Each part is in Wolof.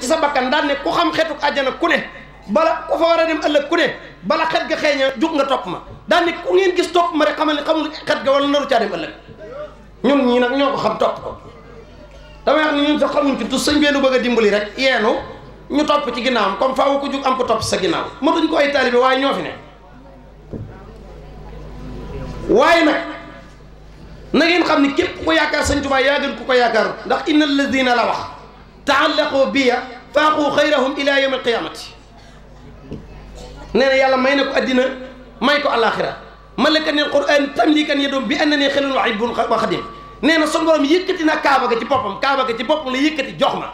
ci sa bakkan daan ne ku xam xetuk àjjana ku ne bala ku fa war a dem ëllëg ku ne bala xet ga xeeña jug nga topp ma daan ne ku ngeen gis topp ma rek xamal ne xamul xet ga wala naru caa dem ëllëg ñun ñii nag ñoo ko xam topp ko damay wax ni xamuñ ci tus sañ benn bëgg a dimbali rek yeenu ñu topp ci am comme faaw ko jug am ko topp sa ginnaaw matuñ ko ay taalibe waaye ñoo fi ne waaye nag na ngeen xam ni képp ku ko yaakaar sëñ Tuubaa yaa gën ku ko yaakaar ndax la alladina la wax taallaqu biya faaqu xayrahum ila yawm alqiyamati nee na yàlla may na ko addina may ko alaxira malaka nil quran tamlikan yadum bi annani xelun wa ibun wa xadim nee na sun borom yëkkati na kaaba ga ci boppam kaaba ga ci boppam la yëkkati jox ma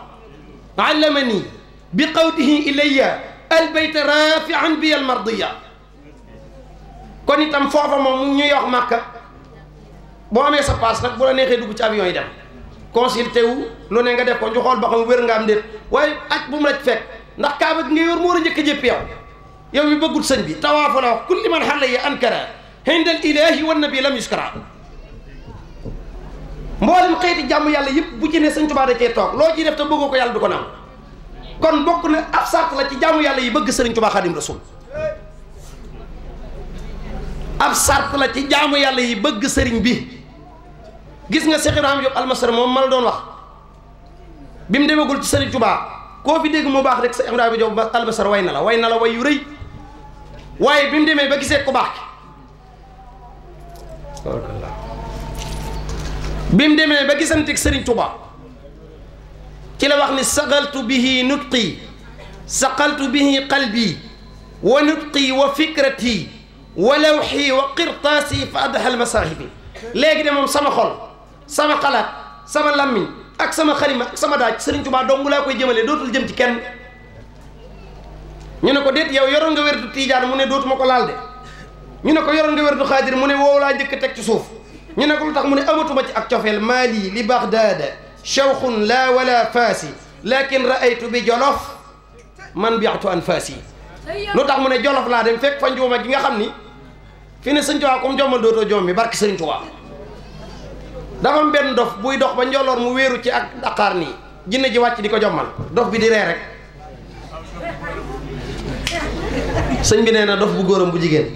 allamani bi qawdihi ilayya albayta rafian bi almardiya kon itam foofa moom ñu yox màkka boo amee sa paas nag bu la neexee dugg ci avion yi dem consulté wu lu ne nga def ko ñu xool ba xam wér nga am déet waaye aj bu mu la fekk ndax kaaba gi ngay wër moo war a njëkk a jëpp yow yow bëggul sëñ bi tawaafa la wax kulli man xale yi ankara hindal ilaahi wan nabi lam yuskara mboolem xeeti jàmm yàlla yëpp bu ci ne sëñ Tuubaa da cee toog loo ci def te bëggoo ko yàlla du ko nam kon bokk na ab sart la ci jàmm yàlla yi bëgg sëriñ Tuubaa Xaadim Rasuul ab sart la ci jaamu yàlla yi bëgg sëriñ bi gis nga Cheikh Ibrahima Diop almasar moom ma la doon wax bi mu demagul ci Sëriñ Tuubaa koo fi dégg mu baax rek Cheikh Ibrahima Diop almasar way na la way na la way yu rëy waaye bi mu demee ba gisee ku baax ki bi mu demee ba gisanteeg Sëriñ Tuubaa ci la wax ni saqaltu bihi nutqi saqaltu bihi qalbi wa nutqi wa fikrati wa lawxi wa qirtaasi fa addaxal masaahibi léegi de moom sama xol sama xalaat sama làmmiñ ak sama xalima ak sama daaj Serigne Touba dong laa koy jëmalee dootul jëm ci kenn ñu ne ko déet yow yoroon nga wérdu tiijaan mu ne dootuma ko laal de ñu ne ko yoroon nga wérdu xaadir mu ne woow laa njëkk teg ci suuf ñu ne ko lu tax mu ne amatuma ci ak cofeel maali li baxdaada shawqun laa wala faasi lakin raaytu bi jolof man biatu an faasi lu tax mu ne jolof laa dem fekk fa njuuma gi nga xam ni fi ne sëñ Tuubaa comme jommal dootoo joom mi dafa am benn dof buy dox ba njolloor mu wéeru ci ak daqaar nii jinne ji wàcc di ko jommal dof bi di ree rek sëñ bi nee na dof bu góoram bu jigéen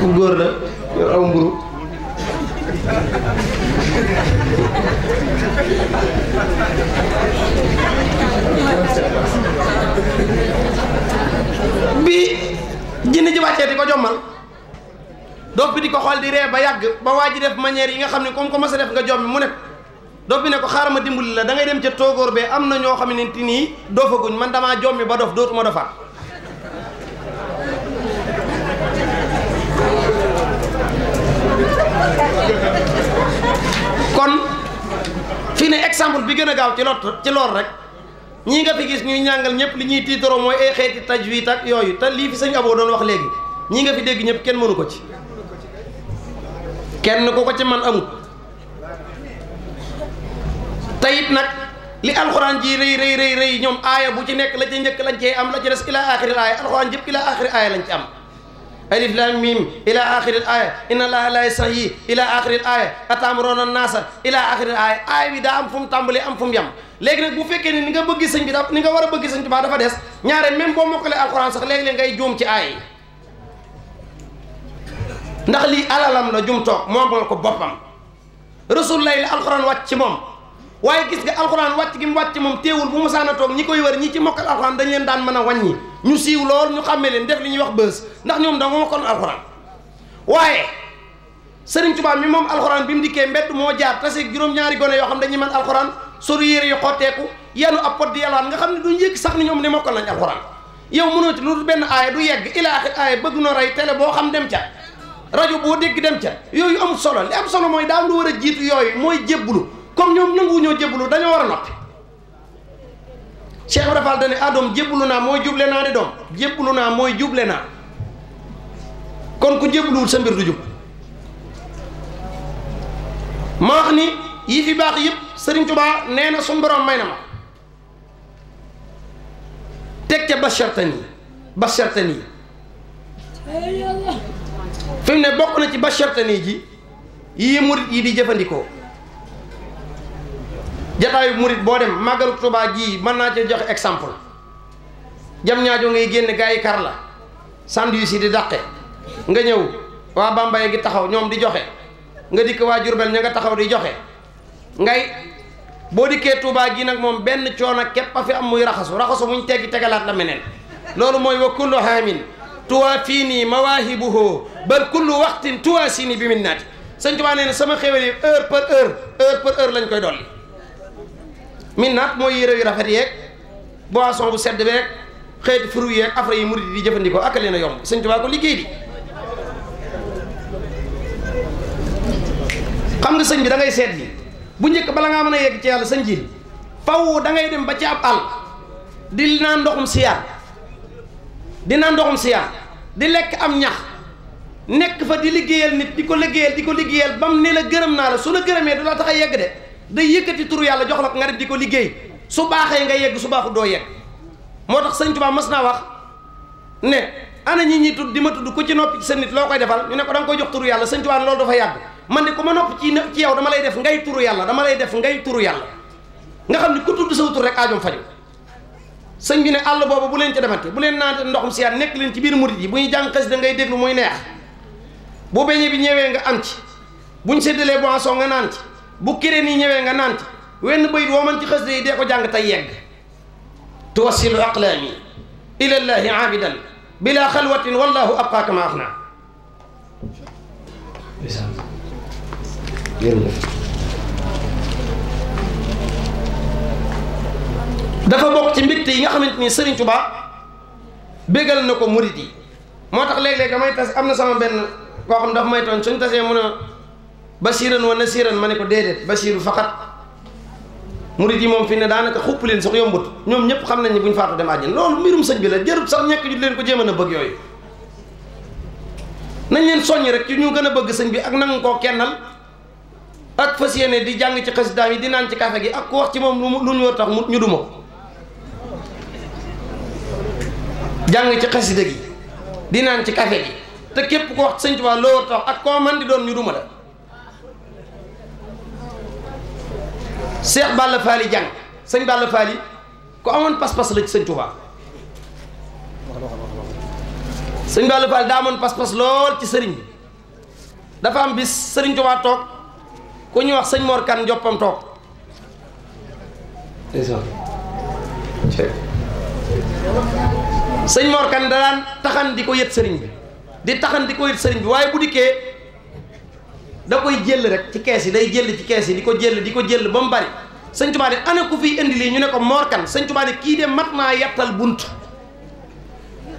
bu góor la yor aw mburu dof bi di ko xool di ree ba yàgg ba waa ji def manière yi nga xam ne comme ko mas a def nga jommi mu ne dof bi ne ko xaaral ma dimbali la da ngay dem ca tóogóor bee am na ñoo xam ne nii doo dofaguñ man damaa jommi ba dof dootuma dofaat kon fii ne exemple bi gën a gaaw ci lot ci lool rek ñii nga fi gis ñuy ñàngal ñëpp li ñuy tiitaroo mooy ay xeeti tajwiid ak yooyu te lii fi sëñ aboo doon wax léegi ñii nga fi dégg ñëpp kenn mënu ko ci kenn ku ko ci man amut tayit nag li alxuraan ji rëy rëy ñoom aaya bu ci nekk la ca njëkk lañ cee am la ci des ila axiril aaya alxuraan jëpp ila axiri aaya lañ ci am alif lam mim ila axiril aaya inna allaha la yastahyi ila axiril aaya atamroona naasa ila axiril aaya aaya bi daa am fu mu tàmbali am fu yam yem nag bu fekkee ni ni nga bëgg sëñ bi da ni nga war a bëgg sëñ bi dafa des ñaare même boo mokkalee alxuraan sax léegi-léeg ngay ndax lii alalam la jum toog moomal ko boppam rasulullah la alxuraan wàcc ci moom waaye gis nga alxuraan wàcc gi mu wàcc moom téewul bu musaana toog ñi koy wër ñi ci mokkal alxuraan dañ leen daan mën a wàññi ñu siiw lool ñu xàmme leen def li ñuy wax bës ndax ñoom danga mokkoon alxuraan waaye sëriñ Tuubaa mi moom alxuraan bi mu dikkee mbedd moo jaar taseeg juróom-ñaari gone yoo xam dañuy mën alxuraan sori yére yu xotteeku yenu ab pot nga xam ne sax ñoom ne yow mënoo ci lu benn aaya du yegg ilaaxi aaya bëgg no rey télé boo xam dem ca rajo boo dégg dem ca yooyu amul solo li am solo mooy daam lu war a jiitu yooyu mooy jébbalu comme ñoom nanguwu ñoo jébbalu dañoo war a noppi Cheikh Ibra Fall dane ah doom naa mooy juble naa de doom jébbalu naa mooy juble naa kon ku jébbaluwul sa mbir du jub ma wax ni yi fi baax yëpp Serigne Touba nee na suñu borom may na ma teg ca bashartani bashartani fi mu ne bokk na ci ba bachartanii ji yii murit yi di jëfandikoo jataayu murit boo dem màggalu Tuubaa jii mën naa ci joxe exemple jam ñaajo ngay génn gaa yi kar la sandwich yi di dàqe nga ñëw waa Bambey ngi taxaw ñoom di joxe nga dikk waa Jurbel ña nga taxaw di joxe ngay boo dikkee Tuubaa gi nag moom benn coono képp a fi am muy raxasu raxasu muñ teggi tegalaat la meneen loolu mooy wa kullu haamin tuwaafini mawaahibuhu bal kullu waxtin tuwaasini bi minnaati sëñ Tuubaa nee na sama xéwal yi heure par heure heure par heure lañ koy dolli minnaat mooy yére yu rafet yeeg boisson bu sedd beeg xeeti fruit yeeg afra yi murid di jëfandikoo ak na a yomb sëñ Tuubaa ko liggéey di xam nga sëñ bi da ngay bu njëkk bala ngaa mën a yegg ci yàlla sëñ ji faw da ngay dem ba ci ab àll di naan ndoxum siyaar di naan ndoxum siyaar di lekk am ñax nekk fa di liggéeyal nit di ko liggéeyal di ko liggéeyal bam ne la gërëm naa la su la gërëmee du la tax a yegg de day yëkkati turu yàlla jox la ko nga dem di ko liggéey su baaxee nga yegg su baaxut doo yegg moo tax sëñ Tuubaa mas naa wax ne ana ñi ñi tudd di ma tudd ku ci noppi ci sa nit loo koy defal ñu ne ko da nga koy jox turu yàlla sëñ Tuubaa loolu dafa yàgg man ne ku ma nopp ci ci yow dama lay def ngay turu yàlla dama lay def ngay turu yàlla nga xam ne ku tudd sa tur rek aajoom faju sëñ bi ne àll boobu bu leen ci demante bu leen naante ndoxum siyaat nekk leen ci biir murit yi bu ñu jàng xasida ngay déglu muy neex bu beñe bi ñëwee nga am ci buñ séddalee boisson nga naan bu kireen nii ñëwee nga naan ci wenn bayit woo man ci xasida yi dee ko jàng tey yegg tuwassilu aqlaami ilallaahi aabidan bila xalwatin wallahu abqaaka ma axnaa dafa bokk ci mbégte yi nga xamante ni Serigne Touba bégal na ko murit yi moo tax léeg-léeg damay tas am na sama benn koo xam dafa may toon suñ tasee mun a basiiran wa nasiiran ma ne ko déedéet basiiru faxat murit yi moom fi ne daanaka xupp leen sax yombut ñoom ñëpp xam nañ ne bu ñu faatu dem àjjana loolu mbirum sëñ bi la jërut sax ñekk ju leen ko jéem a bëgg yooyu nañ leen soññ rek ci ñu gën a bëgg sëñ bi ak nangu koo kennal ak fas yéene di jàng ci xasidaam yi di naan ci kafe gi ak ku wax ci moom lu ñu war tax mu ñu jàng ci xasida gi di naan ci café gi te képp ko wax sëñ Tuubaa loo war tax ak koo man di doon ñu duma la Seex Balla Faali jàng sëñ Balla Faali ku amoon pas-pas la ci sëñ Tuubaa sëñ Balla Faali daa amoon pas-pas lool ci sëriñ bi dafa am bis sëriñ Tuubaa toog ku ñuy wax sëñ Mor Kan Joppam toog sëñ Mor Kane da daan taxan di ko yët sëriñ bi di taxan di ko yët sëriñ bi waaye bu dikkee da koy jël rek ci kees yi day jël ci kees yi di ko jël di ko jël ba mu bari sëñ Tuubaa ne ana ku fiy indi lii ñu ne ko Mor Kane sëñ kii de mat naa yàttal bunt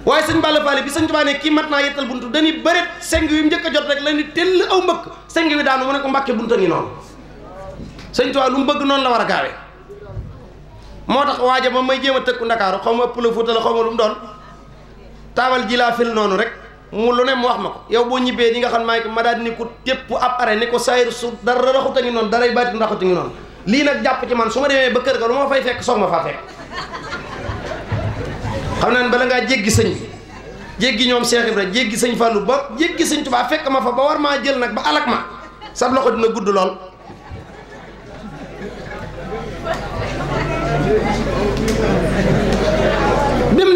waaye sëñ Balla Faale bi sëñ Tuubaa kii mat naa yettal buntu dañuy bëreet seng wi njëkk jot rek la ni tell aw mbëkk seng wi daanu mu ne ko mbàkke buntu ngi noonu sëñ Tuubaa lu mu bëgg noonu la war a gaawee moo tax waaja moom may jéem a tëkku Ndakaaru xaw ma ëpp doon taabal ji laa fil noonu rek mu lu ne mu wax ma ko yow boo ñibbee di nga xam maa ngi ma daal ni ko tépp ab are ni ko sayir su dara raxut a ngi noonu daray baatin raxut a ngi noonu lii nag jàpp ci man su ma demee ba kër ga lu ma fay fekk soog ma a fekk xam ne ne bala ngaa jéggi sëñ jéggi ñoom Cheikh Ibra jéggi sëñ Fallou ba jéggi sëñ Tuubaa fekk ma fa ba war maa jël nag ba alak ma sab loxo dina gudd lool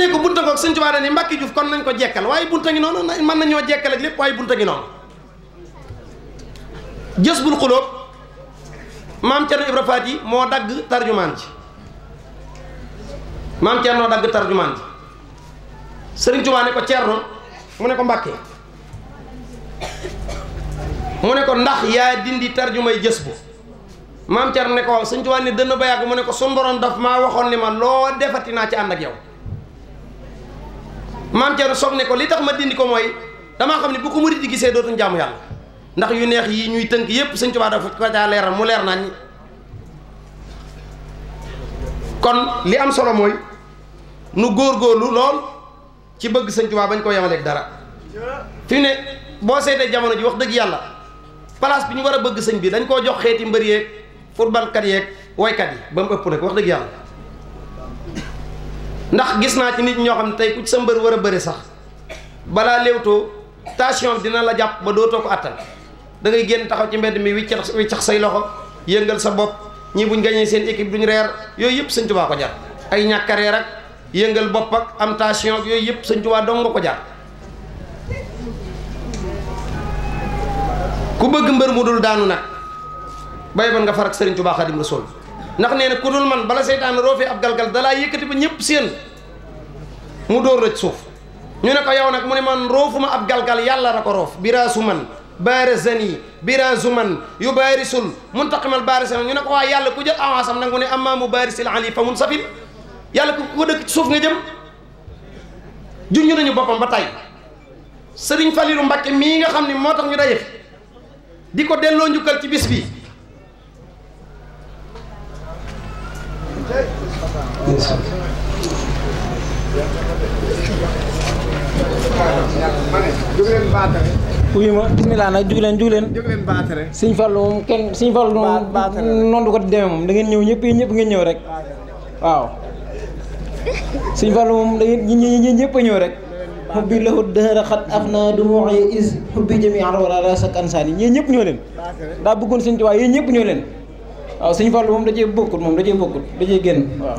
ne ko bunta sëñ Tuubaa ni Mbàkke Juuf kon nañ ko jekkal waaye bunta ngi noonu mën nañoo jekkal ak lépp waaye bunta ngi noonu bul xulóob maam Cerno Ibra moo dagg tarjumaan ci maam Cerno dagg tarjumaan ci sëriñ Tuubaa ne ko Cerno mu ne ko Mbàkke mu ne ko ndax yaa dindi tarjumay jës bu maam Cerno ne ko waaw sëñ Tuubaa ne dënn ba yàgg mu ne ko sun borom daf maa waxoon ni ma loo defati naa ci ànd ak yow maam Thierno soog ne ko li tax ma dindi ko mooy damaa xam ne bu ko murid di gisee dootu jaamu yàlla ndax yu neex yi ñuy tënk yépp sëñ Tuubaa dafa ko caa leeral mu leer nañ kon li am solo mooy nu góorlu lool ci bëgg sëñ Tuubaa bañ koo yemaleeg dara fi ne boo seetee jamono ji wax dëgg yàlla place bi ñu war a bëgg sëñ bi dañ koo jox xeeti mbër yeeg footballkat yeeg woykat yi ba mu ëpp nag wax dëgg yàlla ndax gis naa ci nit ñoo xam ne tey ku ci sa mbër war a bëri sax balaa léewtoo tension bi dina la jàpp ba dootoo ko attan da ngay génn taxaw ci mbedd mi wiccax wiccax say loxo yëngal sa bopp ñii buñ gañee seen équipe duñ reer yooyu yëpp sëñ Tuubaa ko jar ay ñàkk a reer ak yëngal bopp ak am tension yooyu yëpp sëñ Tuubaa dong nga ko jar ku bëgg mbër mu dul daanu nag bay ban nga far ak sëriñ Tuubaa Xaadimu sol ndax nee na ku dul man bala seytaan roofee ab galgal dalaa yëkkati ba ñëpp seen mu dóor rëcc suuf ñu ne ko yow nag mu ne man roofuma ab galgal yàlla na ko roof biraasu man baarazani biraasu man yu baarisul muntaqimal baarisan ñu ne ko waa yàlla ku jël avance am nag mu ne amma mu baarisil ali fa mun safin yàlla ku ko dëkk ci suuf nga jëm junj nañu boppam ba tey sëriñ Falilu Mbàkke mii nga xam ne moo tax ñu daje di ko delloo njukkal ci bis bi leen sant. wuyu ma bismillah nag jug leen jug leen. Sëñ Fallu moom kenn Sëñ Fallu moom noonu ko demee moom da ngeen ñëw ñëpp yéen ñëpp ngeen ñëw rek waaw. Sëñ Fallu moom da ngeen ñi ñëpp ñëw rek. xubbi lahu dëhëra xat af na du ma waxee is xubbi jëmi ar wala la sak ansaan yi yéen ñëpp ñoo leen daa bëggoon sëñ Tuubaa yéen ñëpp ñoo leen waaw Sëñ Fallu moom da cee moom da cee bokkul da génn waaw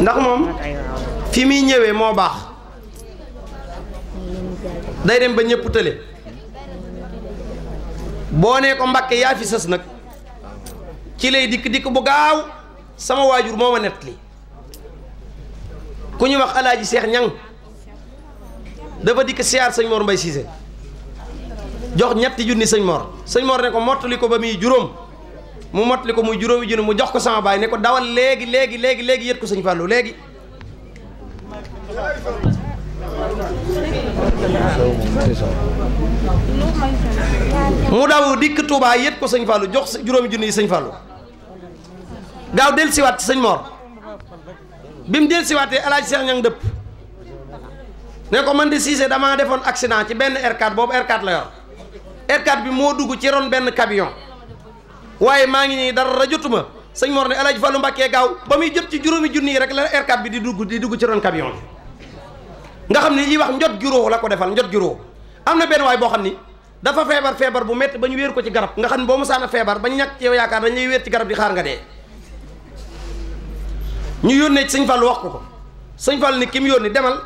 ndax moom fi muy ñëwee moo baax day dem ba ñëpp tële boo nee ko Mbàkke yaa fi sës nag ci lay dikk dikk bu gaaw sama waajur moo ma nett li ku ñu wax alaaji seex ñang dafa dikk siyaar sëñ Mor Mbay Siise jox ñetti junni sëñ Mor sëñ moor ne ko mottali ko ba muy juróom mu motli ko muy juróomi junni mu jox ko sama baay ne ko dawal léegi léegi léegi léegi yët ko sëñ Fallou léegi mu daw dikk Touba yët ko sëñ Fallou jox juróomi junni yi sëñ Fallou gaaw del siwaat ci sëñ Mor bi mu del siwaatee alaaji Seex ñang dëpp ne ko man de Cissé damaa defoon accident ci benn R4 boobu r la yor r bi moo dugg ci ron benn camion waaye maa ngi nii dara jotuma sëñ Mor ne El Hadj Fallou Mbacké gaaw ba muy jëm ci juróomi junni yi rek la r bi di dugg di dugg ci ron camion bi nga xam ne li wax njot juróo la ko defal njot juróo am na benn waay boo xam ni dafa feebar feebar bu métti ba ñu wéer ko ci garab nga xam ne boo musaana feebar ba ñu ñàkk ci yow yaakaar dañ lay wéer ci garab di xaar nga dee ñu yónnee ci sëñ Fallou wax ko ko sëñ Fallou ni ki mu yónni demal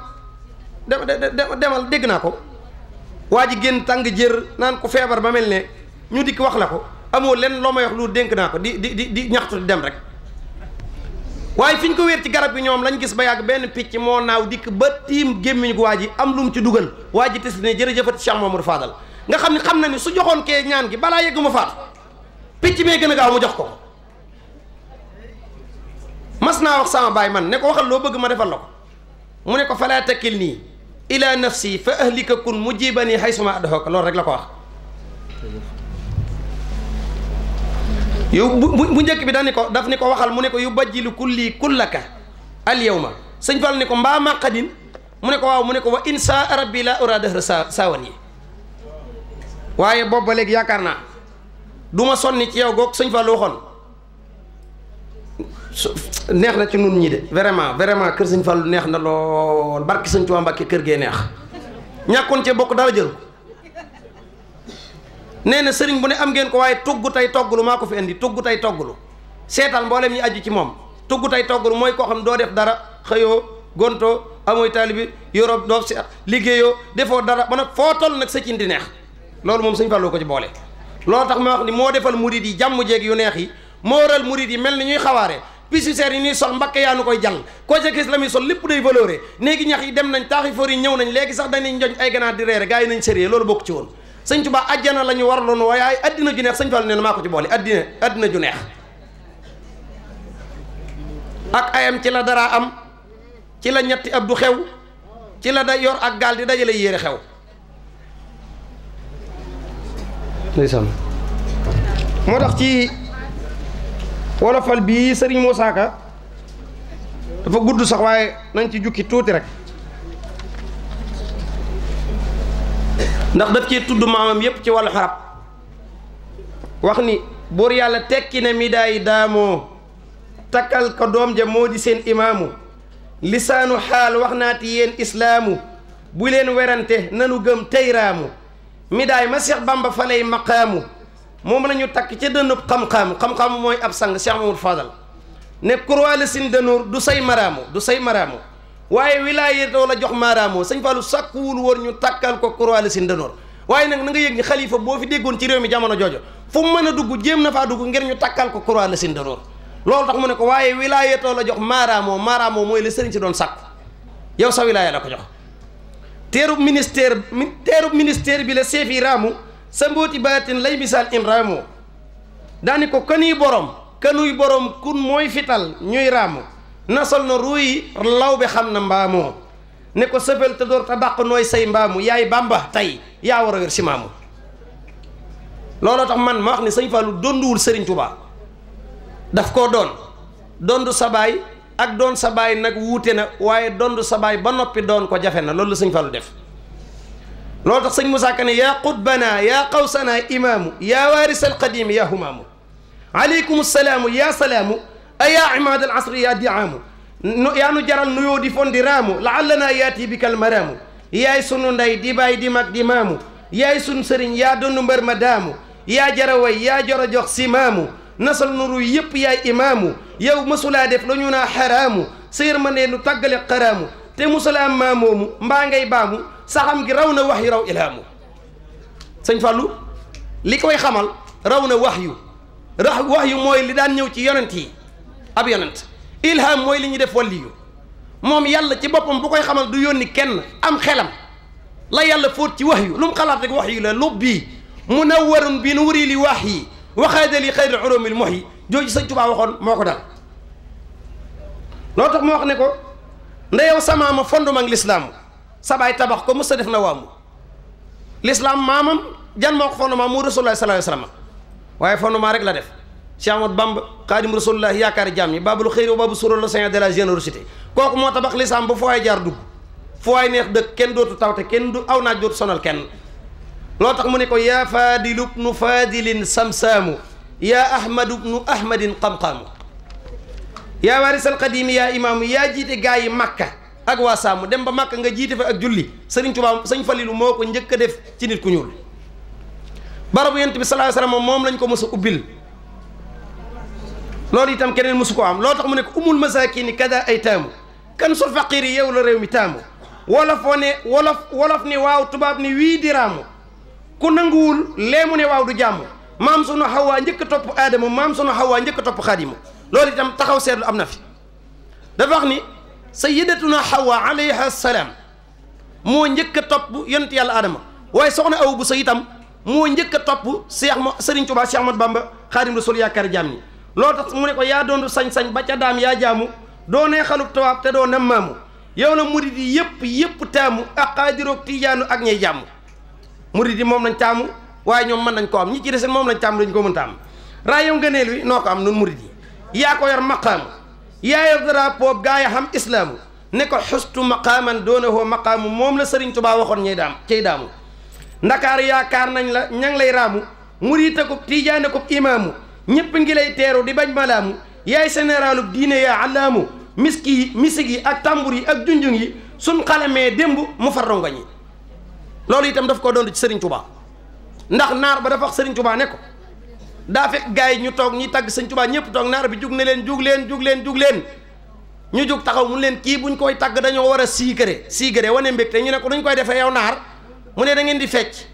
demal dégg naa ko waa ji génn tàng jër naan ko feebar ba mel ne ñu dikk wax la ko amoo lenn loo may wax lu dénk naa ko di di di di ñaxtu di dem rek waaye fi ñu ko wéer ci garab gi ñoom lañu gis ba yàgg benn picc moo naaw dikk ba tiim gémmiñ ko waa ji am lu mu ci dugal waa ji tes ne jërëjëfati Cheikh Mamadou Fadal nga xam ne xam na ni su joxoon kee ñaan gi balaa yegg ma faat picc mee gën a gaaw mu jox ko mas naa wax sama baay man ne ko waxal loo bëgg ma defal la ko mu ne ko falaa takkil nii ila nafsi fa ahlika kun mujibani haysuma adhoka loolu rek la ko wax yow bu bu njëkk bi daf ni ko daf ni ko waxal mu ne ko yu bajjilu kulli kullaka al yawma sëñ Fall ni ko mbaa màqadin mu ne ko waaw mu ne ko wa insa rabbi la urada sa saawan yi waaye boobu ba léegi yaakaar naa du ma sonni ci yow goog sëñ Fall waxoon neex na ci nun ñi de vraiment vraiment kër sëñ Fall neex na lool barki sëñ Tuubaa Mbàkke kër gee neex ñàkkoon cee bokk dara jël nee na sëriñ bu ne am ngeen ko waaye tugg tey togglu maa ko fi indi tugg tey togglu seetal mboolem ñi aju ci moom tugg tey togglu mooy koo xam doo def dara xëyoo gontoo amooy taalibi yorob doo si liggéeyoo defoo dara ba nag foo toll nag sa cin di neex loolu moom sëñ Fallou ko ci boole loolu tax ma wax ni moo defal murid yi jàmm jeeg yu neex yi moo waral murid yi mel ni ñuy xawaare pisuseer yi ñuy sol mbakke yaa nu koy jàng koo ca gis la muy ñax yi dem nañ taaxi foor yi ñëw nañ léegi sax dañuy njoñ ay ganaar nañ sérieux loolu bokk ci woon sëñ Tuubaa ajjana la ñu warloon waaye addina ju neex sëñ Fallu nee na maa ko ci boole addina addina ju neex ak ayam ci la dara am ci la ñetti ab du xew ci la da yor ak gaal di dajale yére xew ndeysaan moo tax ci wolofal bii sëriñ Moussa Ka dafa gudd sax waaye nañ ci jukki tuuti rek ndax daf cee tudd maamam yëpp ci wàllu xarab wax ni buur yàlla tekki na midaay daamoo takkal ko doom ja moo di seen imaamu lisaanu xaal wax naat yéen islaamu bu leen werante nanu gëm teyraamu midaay ma seex bamba fa lay maqaamu moom la ñu takk ca dënub xam-xam xam-xam mooy ab sang Cheikh Mamadou Fadal ne kurwaale sin dënuur du say maraamu du say maraamu waaye wilaaye la jox maaraamoo sëñ Fallou sàkkuwul woon ñu takkal ko croix la si ndënoor waaye nag na nga yéeg ni xalifa boo fi déggoon ci réew mi jamono joojo fu mu mën a dugg jéem na faa dugg ngir ñu takkal ko croix la si ndënoor loolu tax mu ne ko waaye wilaaye la jox maaraamoo maaraamoo mooy la sëriñ si doon sàkku yow sa wilaaye la ko jox teerub ministère teerub ministère bi la seef yi raamu sa mbooti baatin lay misaal im raamoo daani ko kanuy borom kanuy borom kun mooy fital ñuy raamu nasal na ruuy law bi xam na mbaamoo ne ko sëbal te door te bàq nooy say mbaamu yaay bàmba tey yaa war a wér si maamu looloo tax man ma wax ne sëñ Fallou donduwul sëriñ Touba daf koo doon dondu sa baay ak doon sa baay nag wuute na waaye dondu sa baay ba noppi doon ko jafe na loolu la sëñ Fallou def loolu tax sëñ Moussa Ka ne yaa qutbana yaa qawsana imaamu yaa waarisal qadiim yaa humaamu aleykum salaamu yaa salaamu ayaa imaad al asri yaa diaamu yaa nu jaral nuyoo di fon di raamu laallanaa yaati bi maraamu yaay sunu ndey di di mag yaay sunu sëriñ yaa donnu mbër yaa jaraway yaa joro jox si maamu nasal nuru yëpp yaay imaamu yow mësulaa def la ñu naa xaraamu séer ma ne lu xaraamu te musulaa maamoomu mbaa ngay baamu saxam gi raw na wax raw ilaamu sëñ Fallou li koy xamal raw na wax yu rax mooy li daan ñëw ci yonent yi ab yonent mooy li ñuy def waliyu moom yàlla ci boppam bu koy xamal du yónni kenn am xelam la yalla foot ci wax yu lu mu xalaat rek wax yu la lub bii munawwarun bi nuuri li wax yi waxaadali xayri ulumil mox yi jooju sëñ Tuubaa waxoon moo ko dal loo tax mu wax ne ko ndeyow samaama fondo mag lislaamu sabaay tabax ko mës a def na waamu lislaam maamam jan moo ko fondu maam mu rasulullah sallallahu alayhi wasallam waaye fondu maa rek la def Cheikh Ahmad Bamba xaadim rasulullah yaakaar jaam ñi baabul xëyri wa baabu suura le saint de la générosité kooku moo tabax lislaam ba foo ay jaar dugg foo ay neex dëkk kenn dootu tawte kenn du aw naaj dootu sonal kenn loo tax mu ne ko yaa faadilu bnu faadilin samsaamu yaa ahmadu bnu ahmadin xam-xaamu yaa waarisal qadimi yaa imaamu yaa jiite gaa yi makka ak waa saamu dem ba màkka nga jiite fa ak julli sëriñ Tuubaa sëñ Falilu moo ko njëkk a def ci nit ku ñuul bi sallallahu alayhi wa moom lañ ko mos a ubbil loolu itam keneen mosu ko am loo tax mu ne ko umul masakini kada ay taamu kan sul faqir yi yow la réew mi taamu wolof wa ne wolof ni waaw tubaab ne wii di raamu ku nanguwul lee mu ne waaw du jàmm maam sunu xawaa njëkk a topp aadama maam sunu xawaa njëkk a topp xaadimu loolu itam taxaw seetlu am na fi dafa wax ni sayyidatuna xawa alayha salaam moo njëkk a topp yonent yàlla aadama waaye soxna aw bu sa itam moo njëkk a topp seex ma sëriñ Tuubaa Seex Ahmadu Bamba xaadim rasul yaakaar jaam ñi loolu tax mu ne ko yaa doondu sañ-sañ ba ca daam yaa jaamu doo nee xalub tawaab te doo nem maamu yow na murid yi yëpp yëpp taamu ak xaadiroog tiijaanu ak ñay jàmm murid yi moom lañ taamu waaye ñoom mën nañ ko am ñi ci deseen moom lañ taamu dañ ko mën taam raayam ngëneel wi noo ko am nun murid yi yaa ko yor maqaamu yaa yor drapeau gaa ya xam islaamu ne ko xustu maqaaman doona hoo maqaamu moom la Sëriñ Tubaa waxoon ñay daam cay daamu ndakaar yaakaar nañ la ña ngi lay raamu murid akub tiijaane akub imaamu ñëpp ngi lay teeru di bañ malaamu yaay généralub diine yaa allaamu miski yi misik yi ak tambur yi ak junjung yi suñ xalamee démb mu fa rongoñ yi loolu yitam daf ko doon ci Serigne Touba ndax naar ba dafa wax Serigne Touba ne ko daa fekk gars yi ñu toog ñi tagg Serigne Touba ñëpp toog naar bi jug ne leen jug leen jug leen jug leen ñu jug taxaw mu leen kii buñ koy tagg dañoo war a siikare siikare wane te ñu ne ko duñ koy defee yow naar mu ne da ngeen di fecc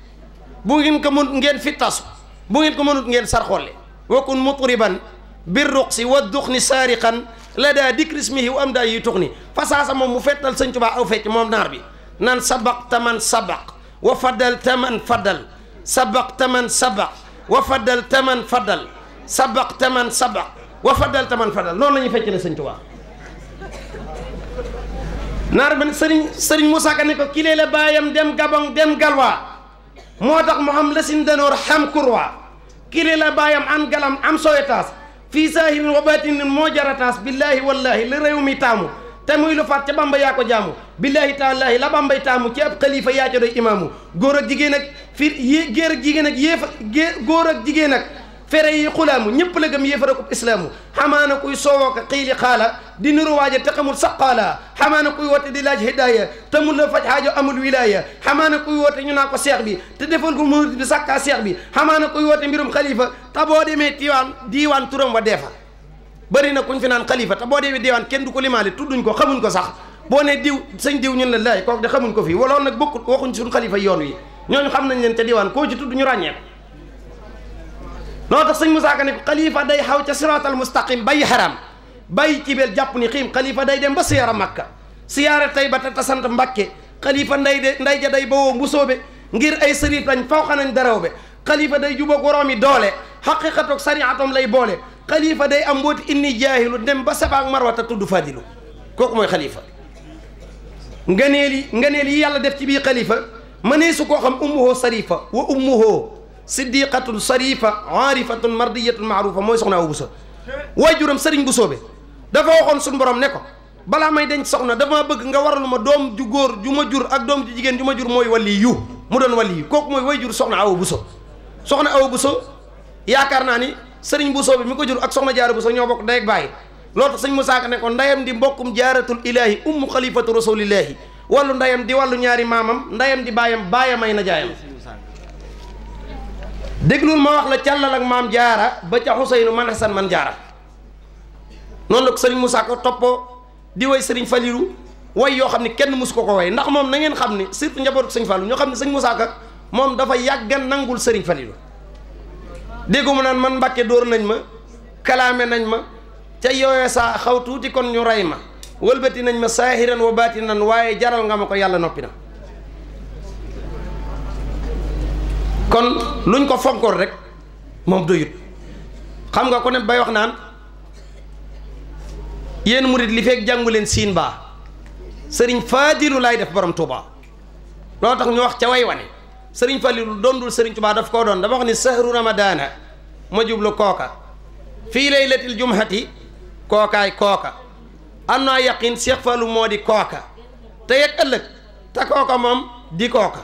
bu ngeen ko mën ngeen fi tasu bu ngeen ko mënut ngeen sarxolle wa kun mutriban birruqsi wa duxni saariqan la daa dikri ismihi wa am daa yuy tuxni fasaasa moom mu fettal sëñ aw fecc moom naar bi nan sabaq taman sabaq wa faddal taman faddal sabaq taman sabaq wa faddal taman faddal sabaq taman sabaq wa faddal taman faddal noonu la ñuy fecc ne sëñ Tuubaa naar sëriñ sëriñ Moussa Ka ko kilee la dem Gabon dem Galwaa moo tax mu xam la sin danoor xam kurwaa kile la baayam an galam am sowe taas fii saahirin wa baatinin moo jara taas billaahi wallaahi li réew mi taamu te muy lu faat ca bamba yaa ko jaamu billaahi taalaahi la bambay taamu ci ab xalifa yaa ca doy imaamu góor ak jigéen ak fi yé géer ak jigéen ak yéef góor ak jigéen ak fere yi xulaamu ñëpp la gëm yéefara ko islaamu xamaana kuy soowooka xiili xaala di niru waaja te xamul saqaala xamaana kuy woote di laaj hidaaya te mun la faj xaajo amul wilaaya xamaana kuy woote ñu naa ko seex bi te defal ko murid bi sàkkaa seex bi xamaana kuy woote mbirum xalifa te boo demee diwaan diiwaan turam wa deefa bëri na kuñ fi naan xalifa boo demee diiwaan kenn du ko limaale tudduñ ko xamuñ ko sax boo ne diw sëñ diw ñun la ko fii waloon nag bokkut waxuñ suñu xalifa yoon wi ñooñu xam nañ leen te diiwaan koo ci tudd ñu loolu tax sëñ Moussa Ka ne ko xalifa day xaw ca siraatal mustaqim bàyyi xaraam bàyyi cibeel jàpp ni xiim xalifa day dem ba siyaara makka siyaara tay ba te sant mbàkke xalifa nday de day ba woo mbusoobe ngir ay sëriif lañ fawxa nañ daraw be day jubóog woroomi doole xaqiqatoog sariatam lay boole xalifa day am mbooti inni jaahilu dem ba safa ak marwa te tudd fadilu kooku xalifa ngeneel yi ngeneel yi yàlla def ci biir xalifa mënee su koo xam ummuhoo sarifa wa ummuhoo siddiqatun sarifa arifatun mardiyatun maarufa mooy soxna aw buso waaye juróom sëriñ bu soobe dafa waxoon suñu borom ne ko balaa may denc soxna dama bëgg nga waral ma doom ju góor ju ma jur ak doom ju jigéen ju ma jur mooy wali yu mu doon wali yu kooku mooy way jur soxna aw buso soxna aw buso yaakaar naa ni sëriñ bu soobe mi ko jur ak soxna jaara buso ñoo bokk ndey ak bàyyi loolu tax sëñ Musaa Ka ne ko ndayam di mbokkum jaaratul ilaahi ummu xalifatu rasulillahi wàllu ndayam di wàllu ñaari maamam ndayam di baayam baayamay na jaayam déglul ma wax la càllal ak maam jaara ba ca xuseynu man xasan man jaara noonu la ko sëriñ Moussa ko toppoo di way sëriñ Falilou way yoo xam ne kenn musu ko ko way ndax moom na ngeen xam ne surtout njabootu sëñ Fallou ñoo xam ne sëñ Moussa Ka moom dafa yàgga nangul sëriñ Falilou déggu mu naan man Mbàkke dóor nañ ma kalaame nañ ma ca yooye saa xaw tuuti kon ñu rey ma wëlbati nañ ma saahiran wa baatinan waaye jaral nga ma ko yàlla noppi na kon luñ ko fonkoon rek moom doyut xam nga ku ne bay wax naan yéen murit li fekk jàngu leen siin baa sëriñ Faadilu laay def borom Touba loo tax ñu wax ca way wane sëriñ Faadilu doon dul sëriñ Touba daf koo doon dafa wax ni sahru ramadaana ma jublu kooka fii laylatil jumhati kookaay kooka am naa yaqin Cheikh Fallou moo di kooka te yet ëllëg te kooka moom di kooka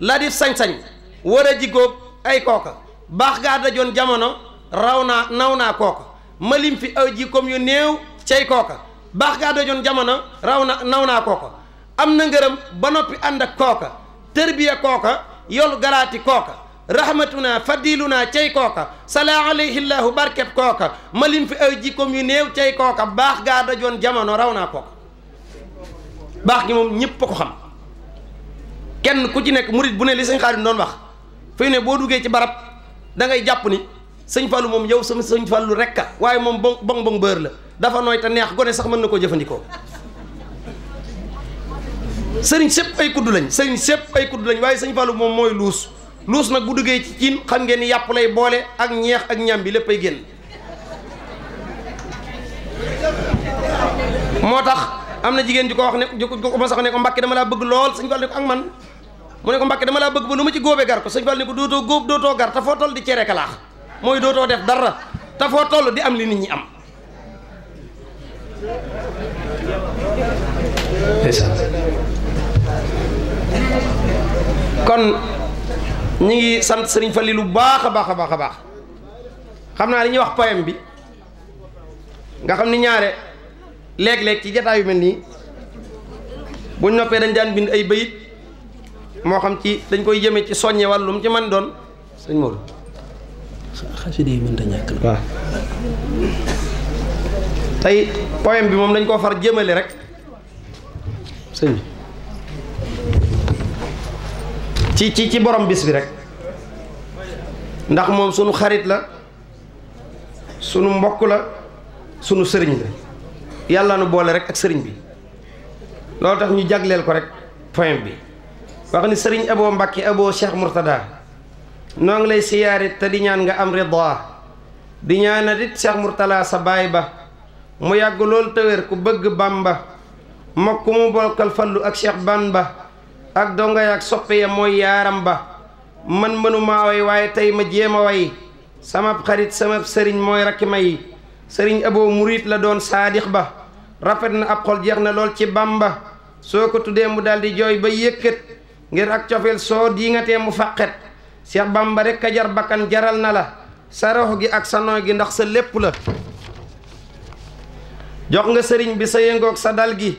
la di sañ-sañ war a jigóob ay kooka baax gaa dajoon jamono raw naa naw naa kooka ma fi aw jikkoom yu néew cay kooka baax gaa dajoon jamono raw na naw naa kooka am na ngërëm ba noppi ànd ak kooka tërbiya kooka yolu galaati kooka rahmatuna fadiluna cay kooka salaa alayhi llahu barkeb kooka ma lim fi aw jikkoom yu néew cay kooka baax gaa jamono raw naa kooka baax gi moom ñëpp a ko xam kenn ku ci nekk murit bu ne li sañ xaadim doon wax fi ne boo duggee ci barab dangay jàpp ni sëñ Fallou moom yow sama sëñ Fallou rek waaye moom bon bon bon la dafa nooy te neex gone sax mën na koo jëfandikoo. sëriñ sëpp ay kudd lañ sëriñ sëpp ay kudd lañ waaye sëñ Fallou moom mooy luus luus nag bu duggee ci ciin xam ngeen ni yàpp lay boole ak ñeex ak ñam bi lépp ay génn. moo tax am na jigéen ju ko wax ne ju ko ma sax ne ko mbàkki dama laa bëgg lool sëñ Fallou ne ko ak man. mu ne ko Mbàkke dama laa bëgg ba nu ma ci góobee gar ko sëñ Fall ne ko dootoo góob dootoo gar te foo toll di cere kalaax mooy dootoo def dara te foo toll di am li nit ñi am. kon ñu ngi sant sëriñ Fallilu bu baax a baax a baax a baax xam naa li ñuy wax poyam bi nga xam ni ñaare léeg-léeg ci jataay yu mel nii buñ noppee dañ daan bind ay bayit moo xam ci dañ koy jëme ci soññe wàllum ci man doon sëñ Modou xasida yi tey poème bi moom dañ koo far jëmale rek sëñ bi ci ci ci borom bis bi rek ndax moom sunu xarit la sunu mbokk la sunu sëriñ la yàlla nu boole rek ak sëriñ bi loo tax ñu jagleel ko rek poème bi wax ni sëriñ aboo mbàkke aboo cheikh mourtada noo ngi lay siyaarit te di ñaan nga am ridwa di ñaanatit cheikh mourtala sa baay ba mu yàgg loolu tëwér ku bëgg bamba mokk mu bokkal fallu ak cheikh ban ba ak donga yaak soppe ya mooy yaaram ba man mënumaa way waaye tey ma jéem a way samab xarit samab sëriñ mooy rakki ma sëriñ aboo murit la doon saadix ba rafet na ab xol jeex na lool ci bamba soo ko tuddee mu daal di jooy ba yëkkat ngir ak cofeel soo diingatee mu fàqet Seex Bàmba rekk a jar bakkan jaral na la sa rox gi ak sa nooy gi ndax sa lépp la jox nga sëriñ bi sa yëngook sa dal gi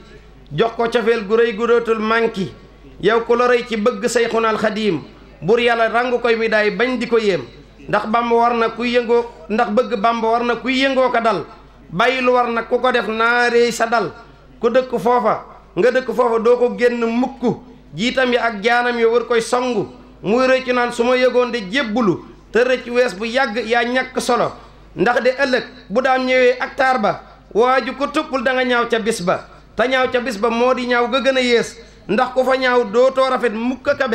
jox ko cofeel gu rëy gu dootul mànki yow ku la rëy ci bëgg Sayxuna al Xadiim buur yàlla rangu koy mi bañ di ko yéem ndax Bàmba war na kuy yëngoo ndax bëgg war na kuy yëngoo ko dal bàyyi lu ku ko def naa réy sa dal ku dëkk foofa nga dëkk foofa doo ko génn mukk jiitam yi ak jaanam yi war koy songu muy rëccu naan su ma yëgoon de jébbulu te rëcc wees bu yàgg yaa ñàkk solo ndax de ëllëg bu daan ñëwee ak taar ba waaju ko tuppul danga nga ñaaw ca bis ba te ñaaw ca bis ba moo di ñaaw ga gën a yées ndax ku fa ñaaw dootoo rafet mukk ka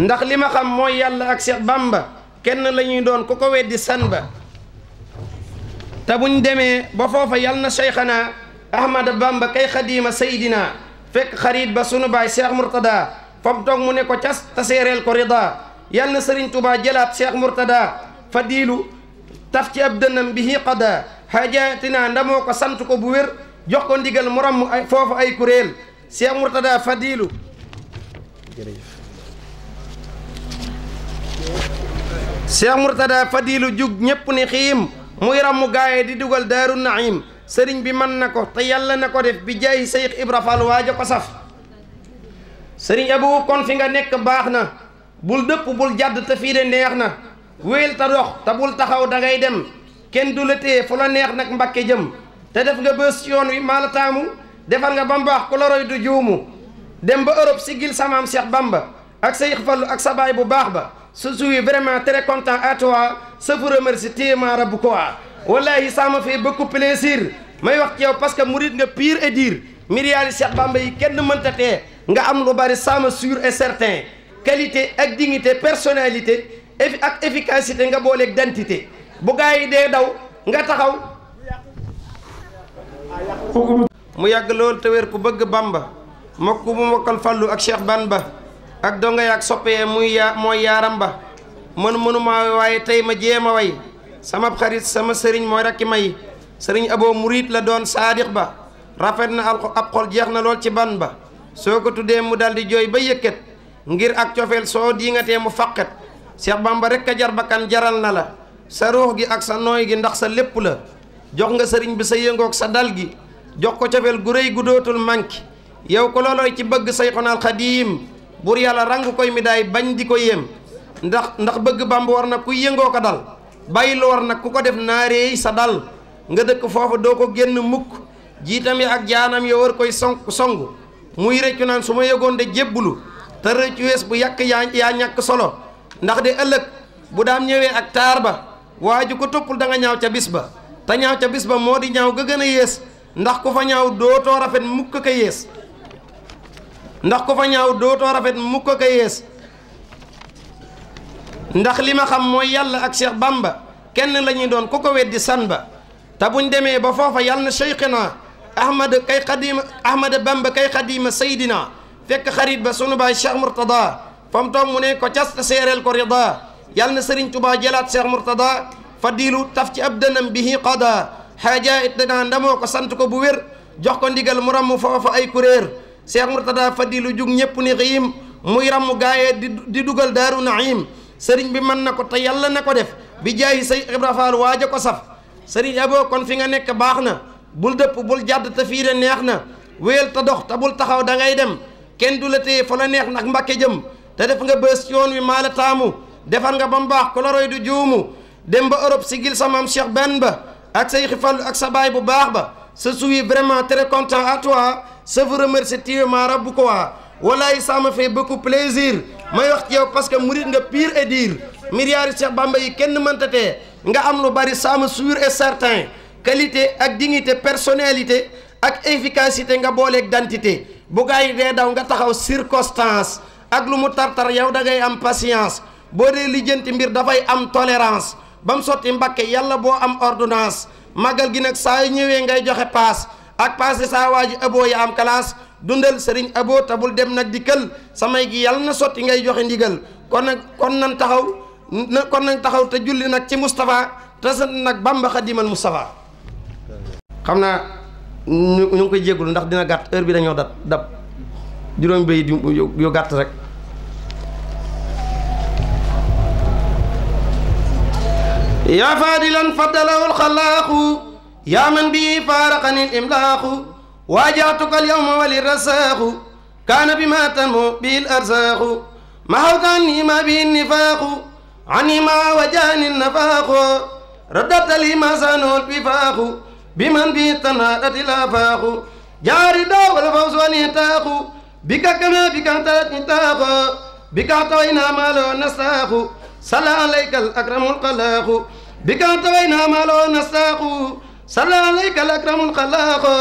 ndax li ma xam mooy yàlla ak Seex Bàmba kenn la ñuy doon ku ko weddi san ba te buñ demee ba foofa yàlla na Seyxanaa Ahmada Bamba kay xadiima Seydina fekk xarit ba sunu baay Cheikh Mourtada fam mu ne ko cas taseereel ko rida yal na Serigne Touba jëlaat Cheikh Mourtada fadilu taf ci ab dënnam bi xiiqada hajaatina ndamoo ko sant ko bu wér jox ko ndigal mu ramm ay kuréel Cheikh Mourtada fadilu Cheikh Mourtada fadilu jug ñépp ni xiim muy ramm gaaye di dugal daaru naim sëriñ bi mën na ko te yàlla na ko def bi jaay Seex Ibra waa waaja ko saf sëriñ Abou kon fi nga nekk baax na bul dëpp bul jàdd te fii de neex na wéyal ta dox te bul taxaw da ngay dem kenn du la téye fu la neex nag mbakke jëm te def nga bés yoon wi maa la taamu defar nga ba mbaax ku la roy du juumu dem ba Europe si gil samaam Seex Bamba ak Seex Fallu ak sa baay bu baax ba je suis vraiment très content à toi je vous remercie téeméer bu ko wallahi ça m'a fait beaucoup may wax ci yow parce que murid nga piir et dire miriyaali Cheikh Bamba yi kenn mënta nga am lu bari ça m'a sûr et certain qualité ak dignité personnalité ak efficacité nga booleeg dentité bu gaa yi dee daw nga taxaw mu yàgg loolu te wér ku bëgg Bamba mokk mu mokkal fallu ak Cheikh Bamba ak donga yaak soppee muy yaaram ba mënuma waaye tey ma jéem way sama xarit sama sëriñ mooy rakki may sëriñ aboo murit la doon saadix ba rafet na ab xol jeex na lool ci ban ba soo ko tuddee mu daldi jooy ba yëkkat ngir ak cofeel soo diingatee mu faqet Cheikh Bamba rek a jar jaral na la sa ruux gi ak sa nooy gi ndax sa lépp la jox nga sëriñ bi sa yëngook sa dal gi jox ko cofeel gu rëy gu dootul manki yow ko loolooy ci bëgg sayxunaal xadiim bur yàlla rangu koy mi daay bañ di ko yéem ndax ndax bëgg Bamba war na ku yëngoo ko dal bàyyi lu war nag ku ko def naare yi sa dal nga dëkk foofa doo ko génn mukk jiitam yi ak jaanam yo war koy sonk sonk muy rëccu naan su ma yeggoon de jébbulu te wees bu yàkk yaa yaa ñàkk solo ndax de ëllëg bu daam ñëwee ak taar ba waa ju ko toppul da nga ñaaw ca bis ba te ñaaw ca bis ba moo di ñaaw ga gën a yées ndax ku fa ñaaw dootoo rafet mukk ka yées ndax ku fa ñaaw dootoo rafet mukk ka yées ndax li ma xam mooy yàlla ak Cheikh Bamba kenn la ñuy doon ku ko weddi san ba te buñ demee ba foofa yàlla na cheikhina ahmad kay xadima ahmada bamba kay xadima saydina fekk xarit ba sunu baay Cheikh Mourtada fa mu mu ne ko cas séeréel ko rida yàlla na sëriñ Tuubaa jëlaat Cheikh Mourtada fadilu taf ci ab dënam bihi qada xaaja it danaa ndamoo ko sant ko bu wér jox ko ndigal mu ramm foofa ay kuréer Cheikh Mourtada fadilu jug ñëpp ni xiim muy ramm gaayee di dugal daaru naim sëriñ bi mën na ko te yàlla na ko def bi jaayi say Ibra Faal waaj ko saf sëriñ Abo kon fi nga nekk baax na bul dëpp bul jàdd te fii de neex na wéyal te dox te bul taxaw da ngay dem kenn du la téye fa la neex nag mbàkke jëm te def nga bës yoon wi maa la taamu defar nga ba mu baax ku la du juumu dem ba Europe si gil sa maam Cheikh Ben ba ak say xifallu ak sa baay bu baax ba je suis vraiment très content à toi je vous remercie tu m'as rabbu quoi walaay ça m'a fait beaucoup plaisir may wax ci yow parce que murit nga piir et dire milliards Cheikh Bamba yi kenn mënta tee nga am lu bari ça me sûr et certain qualité ak dingité personnalité ak efficacité nga booleeg dentité bu gaa yi dee daw nga taxaw circonstance ak lu mu tartar yow da ngay am patience boo dee lijjanti mbir dafay am tolérance ba mu sotti mbakke yàlla boo am ordonnance màggal gi nag saa ñëwee ngay joxe paas ak paas di saa waa ji ëboo am classe dundal sëriñ abo tabul dem nag di kël samay gi yàlla na sotti ngay joxe ndigal kon nag kon nan taxaw kon nan taxaw te julli nag ci Moustapha te sa nag Bamba xadimal Moustapha xam naa ñu ngi ko jéggul ndax dina gàtt heure bi dañoo dat dab juróom béy yu gàtt rek yaa faadilan faddalahu alxalaaqu yaa man bi faaraqani imlaaqu waajaatuka alyawma wali rasaaxu kaana bi ma tanmu bil arsaaxu ma xawka anni ma bi nifaaxu anni ma wajaani nafaaxu raddatali ma saanool wifaaxu bi man bi tanaadati laafaaxu jaari daawal fawsu ani taaxu bi ka kama bi ka talat ni taaxu bi ka tawaynaa maa loo nastaaxu salla alayka al akramul xalaaxu bi ka tawaynaa maa loo nastaaxu salla alayka al akramul xalaaxu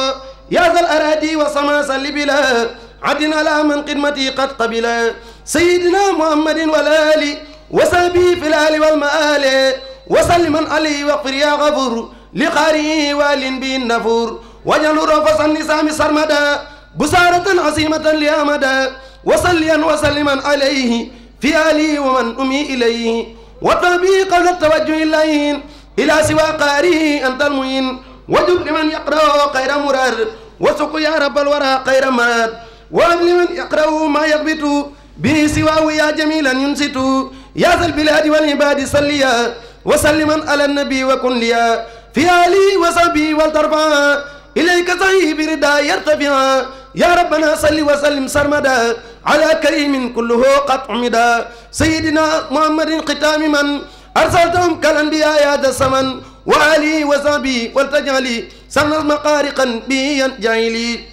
yaa zal araadi wa sama salli bila addin ala man xidmati qad qabila sayidina muhammadin wal ali wa sahbi fil ali wal maali wa salli man ali waqfir ya gafur li xaari walin bi nafur wajalu rofasan nisaami sarmada busaaratan asimatan li amada wa salliyan wa salliman alayhi fi ali wa man umi ilayhi wa tabi qawla tawajjuhi layin ila siwa qaari antal muyin wajub liman yaqra'u xayra murar wasuku ya rabbal wara xayra marad wajub liman yaqra'u ma yaqbitu bi siwaahu ya jamilan yunsitu ya zal biladi wal ibadi salliya wa salliman ala nabi wa kun liya fi ali wa sahbi wal tarfa ilayka sahibi rida yartafia ya rabbana salli wa sallim sarmada ala karimin kulluhu qad umida sayyidina muhammadin xitaami man arsaltahum kal anbiya ya da saman wa ali wa sahbi wal tajali sanal maqaariqan biyan jayli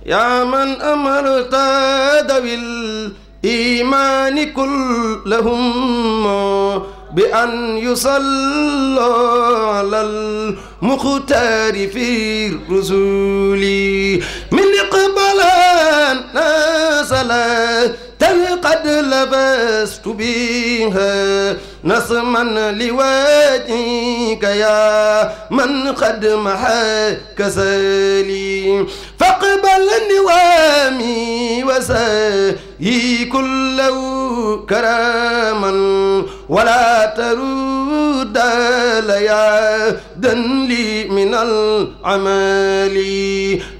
ya man amarta dawil imani kullahum bi an yusallu alal muxtaari fi rusuli min iqbalan nasala تل قد لبست بها نصما لوجهك يا من قد محك سالي فاقبل نوامي وسالي كله كراما ولا ترد ليا عهدا لي من العمل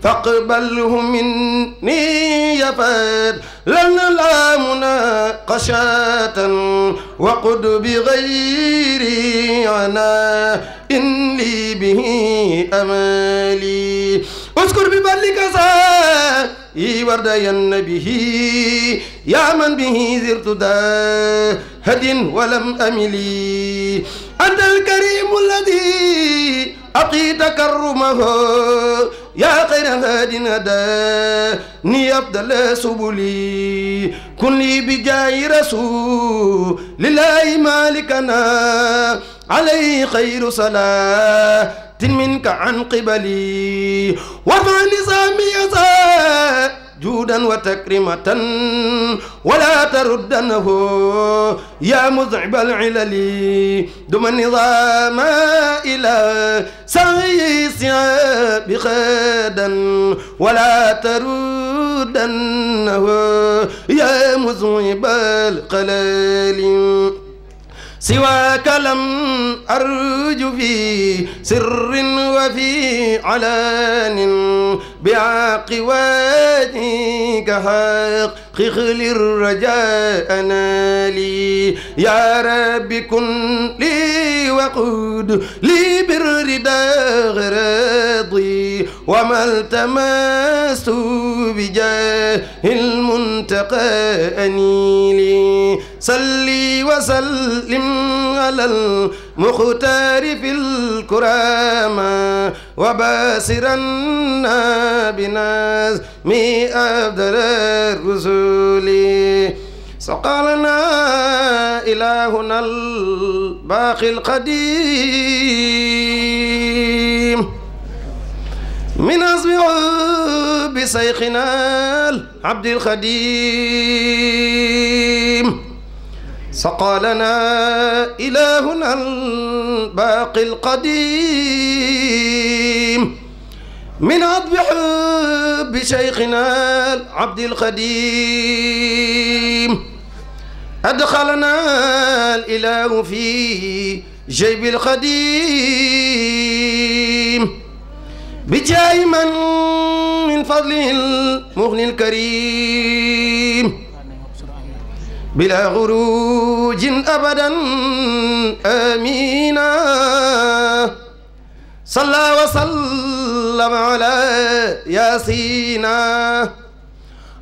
فاقبله مني يفاد لنا لا مناقشة وقد بغيري أنا إن لي به أملي اذكر ببلك سار وارضين به يا من به زرت هد ولم أملي أنت الكريم الذي أقيت كرمه يا خير هاد هداني أبدل سبلي كن لي بجاي رسول لله مالكنا عليه خير صلاة منك عن قبلي وارفع نظامي يا juudan wa takrimatan wala taruddanahu ya muzibal ilali duma nizaama ila sayi siabi xadan wala taruddanahu ya muzibal xalali سواك لم أرج في سر وفي علان بعاق واديك حق خخل الرجاء نالي يا رب كن لي وقود لي بالرضا غراضي وما التماس بجاه المنتقى أنيلي صلي وسلم على المختار في الكرامة وباسرنا بنازم أفضل الرسل سقالنا إلهنا الباقي القديم من أصبع بسيخنا العبد الخديم سقالنا إلهنا الباقي القديم من عضب حب شيخنا العبد القديم أدخلنا الإله في جيب القديم بجاه من من فضله المغني الكريم بلا غروج أبدا آمينا صلى وسلم على ياسينا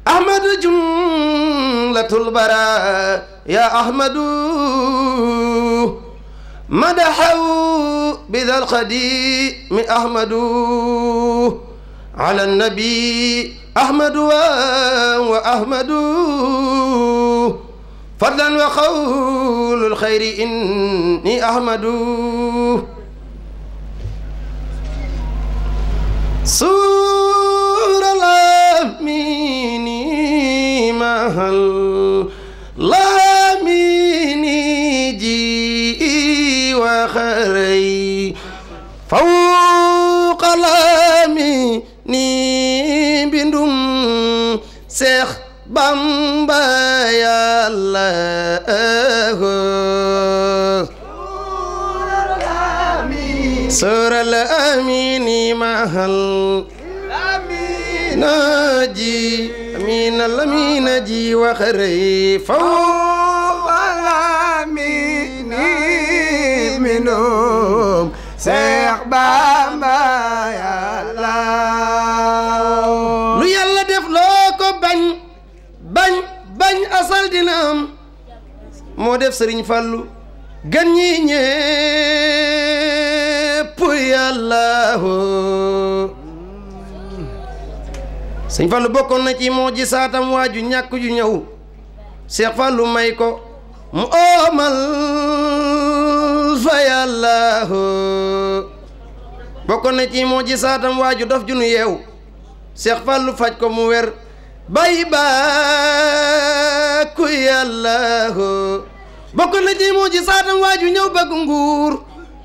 أحمد جملة البراء يا أحمد مدحوا بذا القديم أحمد على النبي أحمد وأحمد fardan wa qawlul xayri inni amini mahal lamini ji lamini bindum Bamba yàlla suural amini mahal naji amina lamina ji waxrey fawal amini minum Seex Bamba sal dina sëriñ fàllu gan ñi bokkoon na ci moo ji saatam waaju ñàkk ju ñëw seex fàllu may ko mu oomal fa yàllaahu bokkoon na ci moo ji saatam waaju dof ju nu yeew seex fàllu faj ko mu wer bay baaku yàllaahu bokk na ji saatam waaju ñëw bëgg nguur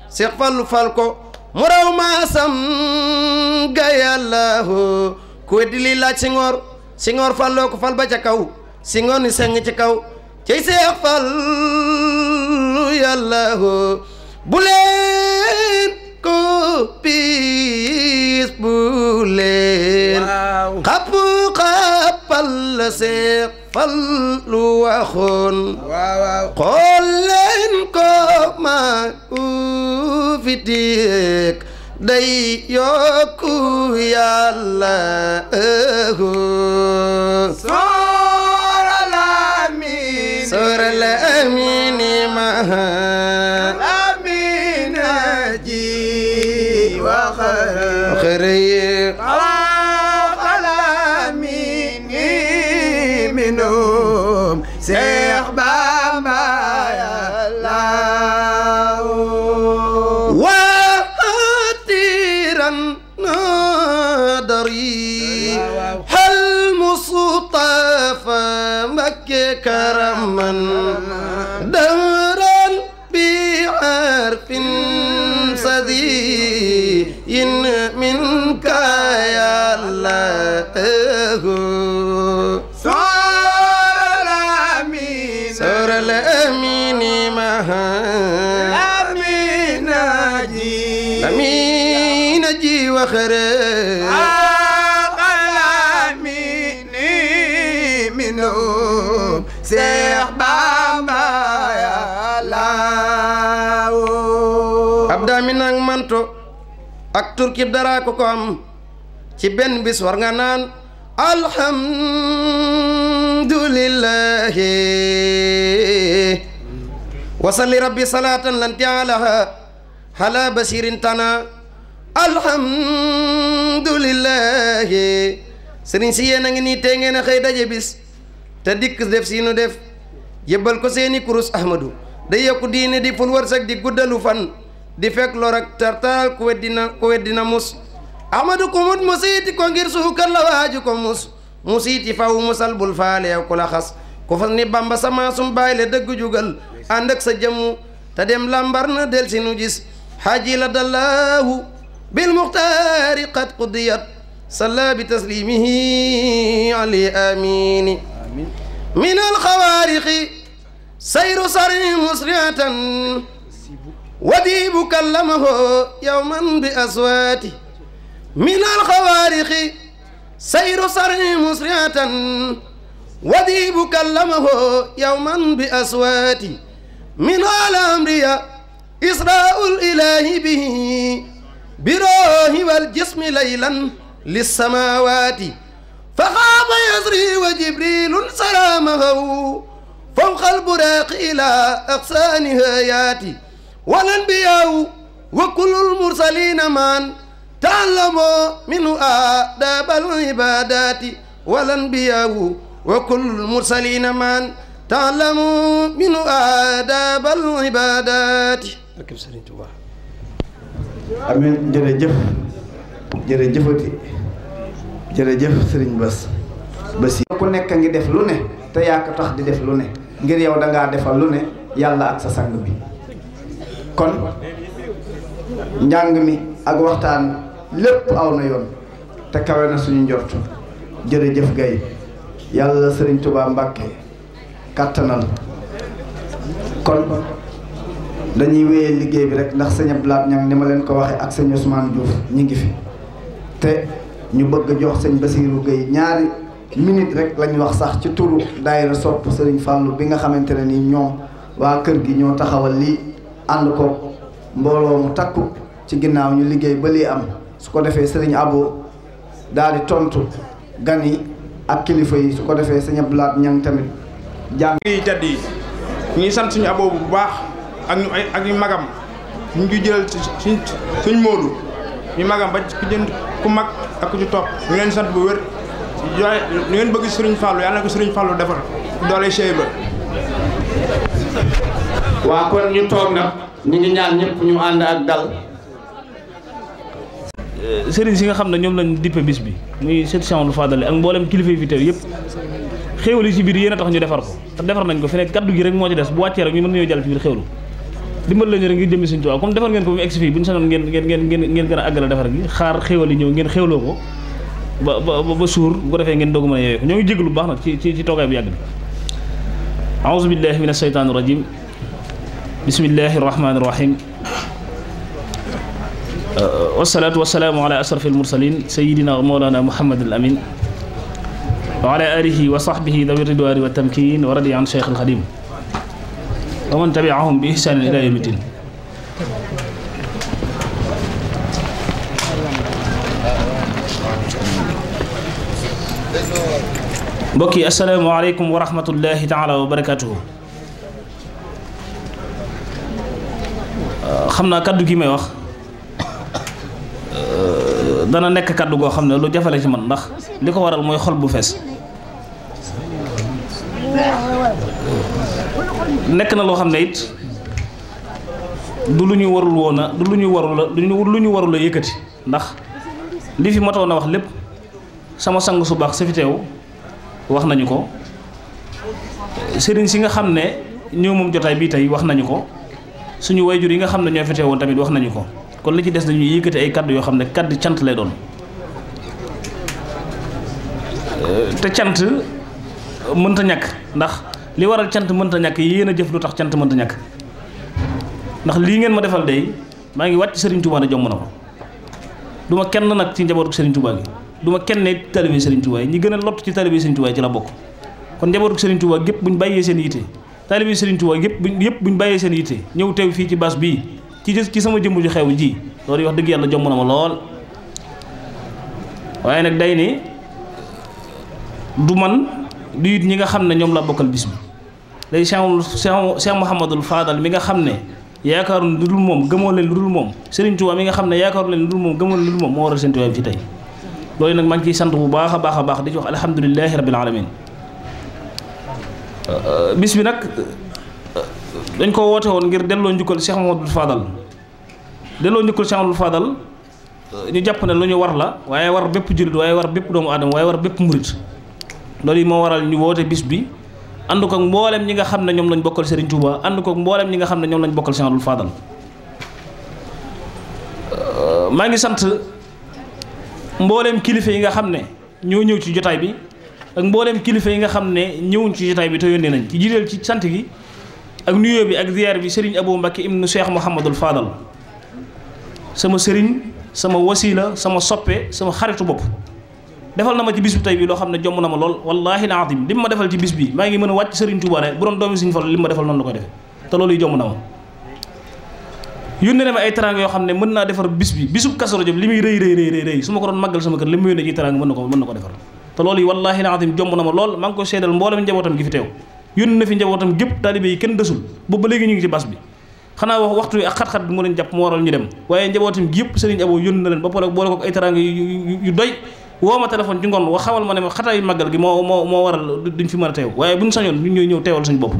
Seex Fallu fal ko mu raw ga yàllaahu ku weddi lii laaj Senghor Senghor falloo ko fal ca kaw Senghor ni seng ci kaw cey Seex Fallu yàllaahu bu ku piis bu leen xapp xappal la seex fal lu waxoon xool leen ko maa ku fi dikk day yokku yàlla sooral amiin sooral amiin ma Seex Bamba yàlla waatiran nadari hal Mustafa Mbakke karaman Seex ab daa mi nag manto ak turki dara ko ko am ci benn bis war nga naan alhamdulillahi wasalli rabbi salaatan lan tialaha hala basirin tana alhamdulillahi sëriñ si yéen a ngi nii tee ngeen a daje bis te dikk def si def yëbbal ko seeni kurus ahmadu day yokku diine di ful di guddalu fan di fekk lor tartaal ku weddina mus ahmadu ku mut musiiti ko ngir suukal la waaju ko mus musiiti faw musal bul faaleew ku la xas ku fas ni bamba sama sum le dëgg jugal ànd sa jëmmu te dem lambar na del si nu gis la dallaahu bil muxtaari qad qudiyat salla bi taslimihi ali amini من الخوارق سير سري مسرعة وديب كلمه يوما بأصواته من الخوارق سير سري مسرعة وديب كلمه يوما بأصواته من الأمر إسراء الإله به بروح والجسم ليلا للسماوات fa xaaba yasri wa jibrilun salaamahu fawqa alburaaqi ilaa aqsaaniha yaati wal anbiyaau wa kullul mursaliina maan taallamoo minhu aadaabal ibaadaati wal anbiyaau wa kullul mursaliina maan taallamoo minhu aadaabal ibaadaati. amiin jërëjëf jërëjëfati. jërëjëf sëriñ Bass Bassi ku nekk a ngi def lu ne te yaa ko tax di def lu ne ngir yow dangaa ngaa defal lu ne yàlla ak sa sang bi kon njàng mi ak waxtaan lépp aw na yoon te kawe na suñu njort jërëjëf gay yàlla sëriñ Touba Mbàkke kàttanal kon dañuy wéyee liggéey bi rek ndax sëñ Abdoulaye Niang ni ma leen ko waxee ak sëñ Ousmane Diouf ñu ngi fi te ñu bëgg a jox sëñ Basirou Gueye ñaari minute rek lañ wax sax ci turu day sopp sëriñ Fallou bi nga xamante ne ni ñoom waa kër gi ñoo taxawal lii ànd ko mbooloo mu takku ci ginnaaw ñu liggéey ba lii am su ko defee sëriñ Abo daal di tontu gan yi ak kilifa yi su ko defee sëñ Abdou Lahat ñang tamit jàng yi jadd yi ñuy sant suñu Abo bu baax ak ñu ay ak ñu magam ñu jëlal suñ suñ Moodu ñu magam ba ku jënd ku mag ak ku ci topp ñu leen sant bu wér yooyu ñu ngeen bëgg Serigne Fallou yàlla na ko Serigne Fallou defar doole Cheikh ba waa kon toog nag ñu ngi ñaan ñëpp ñu ànd ak dal sëriñ si nga xam ne ñoom lañ dippe bis bi muy sët Cheikh Amadou ak mboolem kilifa yi fi teew yëpp xéewal ci biir yéen a tax ñu defar ko te defar nañ ko fi ne kaddu gi rek moo ci des bu wàccee rek ñu mën nañoo jàll ci biir xéewlu dimbal lañu rek ngir jëmmi Sëriñ Tuubaa comme defar ngeen ko ba mu egsi fii bu ñu sanoon ngeen ngeen ngeen ngeen ngeen gën a àggale defar gi xaar xéewal yi ñëw ngeen xéewloo ko ba ba ba suur bu defee ngeen doogu mën ko ñoo ngi jéglu bu baax nag ci ci ci toogaay bu yàgg bi aouzu billahi min asheytaan irajim bismillahi irrahmani irrahim wasalaatu wasalaamu ala ashraf almursalin sayidina mawlana muhammadul amin wa ala alihi wa sahbihi wa tamkin wa radi an cheikh alxadim wa man tabiahum bi ihsaanin ilaa yawmi ddiin mbokk yi asalaamaaleykum wa rahmatullahi taala wa barakaatuhu euh, xam naa kàddu gi may wax euh, dana nekk kàddu goo xam ne lu jafale ci man ndax li ko waral mooy xol bu fees nekk na loo xam ne it du lu ñu warul woon a du lu ñu warul a lu ñu warul a yëkkati ndax li fi motoon a wax lépp sama sang su baax sa fi teew wax nañu ko sëriñ si nga xam ne ñoo moom jotaay bii tey wax nañu ko suñu jur yi nga xam ne ñoo fi teewoon tamit wax nañu ko kon li ci des dañuy yëkkati ay kaddu yoo xam ne kaddu cant lay doon te cant mënta ñàkk ndax li waral cant mënta ñàkk yéen a jëf lu tax cant mënta ñàkk ndax lii ngeen ma defal day maa ngi wàcc Serigne Touba ne jomb na ko du ma kenn nag ci njabootu Serigne Touba gi du ma kenn ne talibé Serigne ñi gën a ci talibé Serigne ci la bokk kon njabootu Serigne Touba gépp buñ bàyyee seen yitte talibé Serigne Touba gépp buñ yëpp buñ bàyyee seen yitte ñëw teew fii ci bas bii ci ci sama jëmm ju xew ji loolu wax dëgg yàlla jomb na ma lool waaye nag day ne du man du it ñi nga xam ne ñoom laa bokkal bis léegi Cheikh Cheikh Mouhamadul Fadal mi nga xam ne yaakaaruñ lu dul moom gëmoo leen lu dul moom Serigne Touba mi nga xam ne yaakaaru leen lu dul moom gëmoo leen lu dul moom moo waral seen tuwaay bi ci tey loolu nag maa ngi ciy sant bu baax a baax a baax di ci wax alhamdulilahi rabil alamin uh, uh, bis bi nag uh, dañ ko woote woon ngir delloo njukkal Cheikh Mouhamadul Fadal delloo njukkal Cheikh Mouhamadul Fadal ñu jàpp ne lu ñu war la waaye war bépp jullit waaye war bépp doomu aadama waaye war bépp murit loolu yi moo waral ñu woote bis bi ànd ko mbooleem ñi nga xam ne ñoom lañ bokkal Serigne Touba ànd ko mboolem ñi nga xam ne ñoom lañ bokkal Cheikh Abdoul Fadal euh, ngi sant mboolem kilifa yi nga xam ne ñoo ñëw ci jotaay bi ak mboolem kilifa yi nga xam ne ñëwuñ ci jotaay bi te yónnee nañ ci jiiteel ci sant gi ak nuyoo bi ak ziyaar bi Serigne Abou Mbacké ibnu Cheikh Mouhamadul Fadal sama sëriñ sama wasila sama soppe sama xaritu bopp. defal na ma ci bis bi tey bi loo xam ne jomm na ma lool wallahi laadim li ma defal ci bis bi maa ngi mën a wàcc Sëriñ Tuubaa ne bu doon doomi Sëriñ Fallu li mu ma defal noonu loolu ay teraanga yoo xam ne mën naa defar bis bi bisub Kazu Rajab li muy rëy rëy rëy rëy ma ko doon màggal sama kër li mu yónnee ci teraanga mën lool maa ko seedal mboolem njabootam gi fi teew yónnee na fi xanaa wax waxtu wi ak xat-xat bi moo leen dem waaye njabootam gi yëpp Sëriñ Abo yónn na leen ba pare boole ko ay teraanga yu doy woo ma téléphone ci ngoon wa xamal ma ne ma xataay màggal gi moo moo moo waral duñ fi mën a teew waaye buñ sañoon ñun ñooy ñëw teewal suñ bopp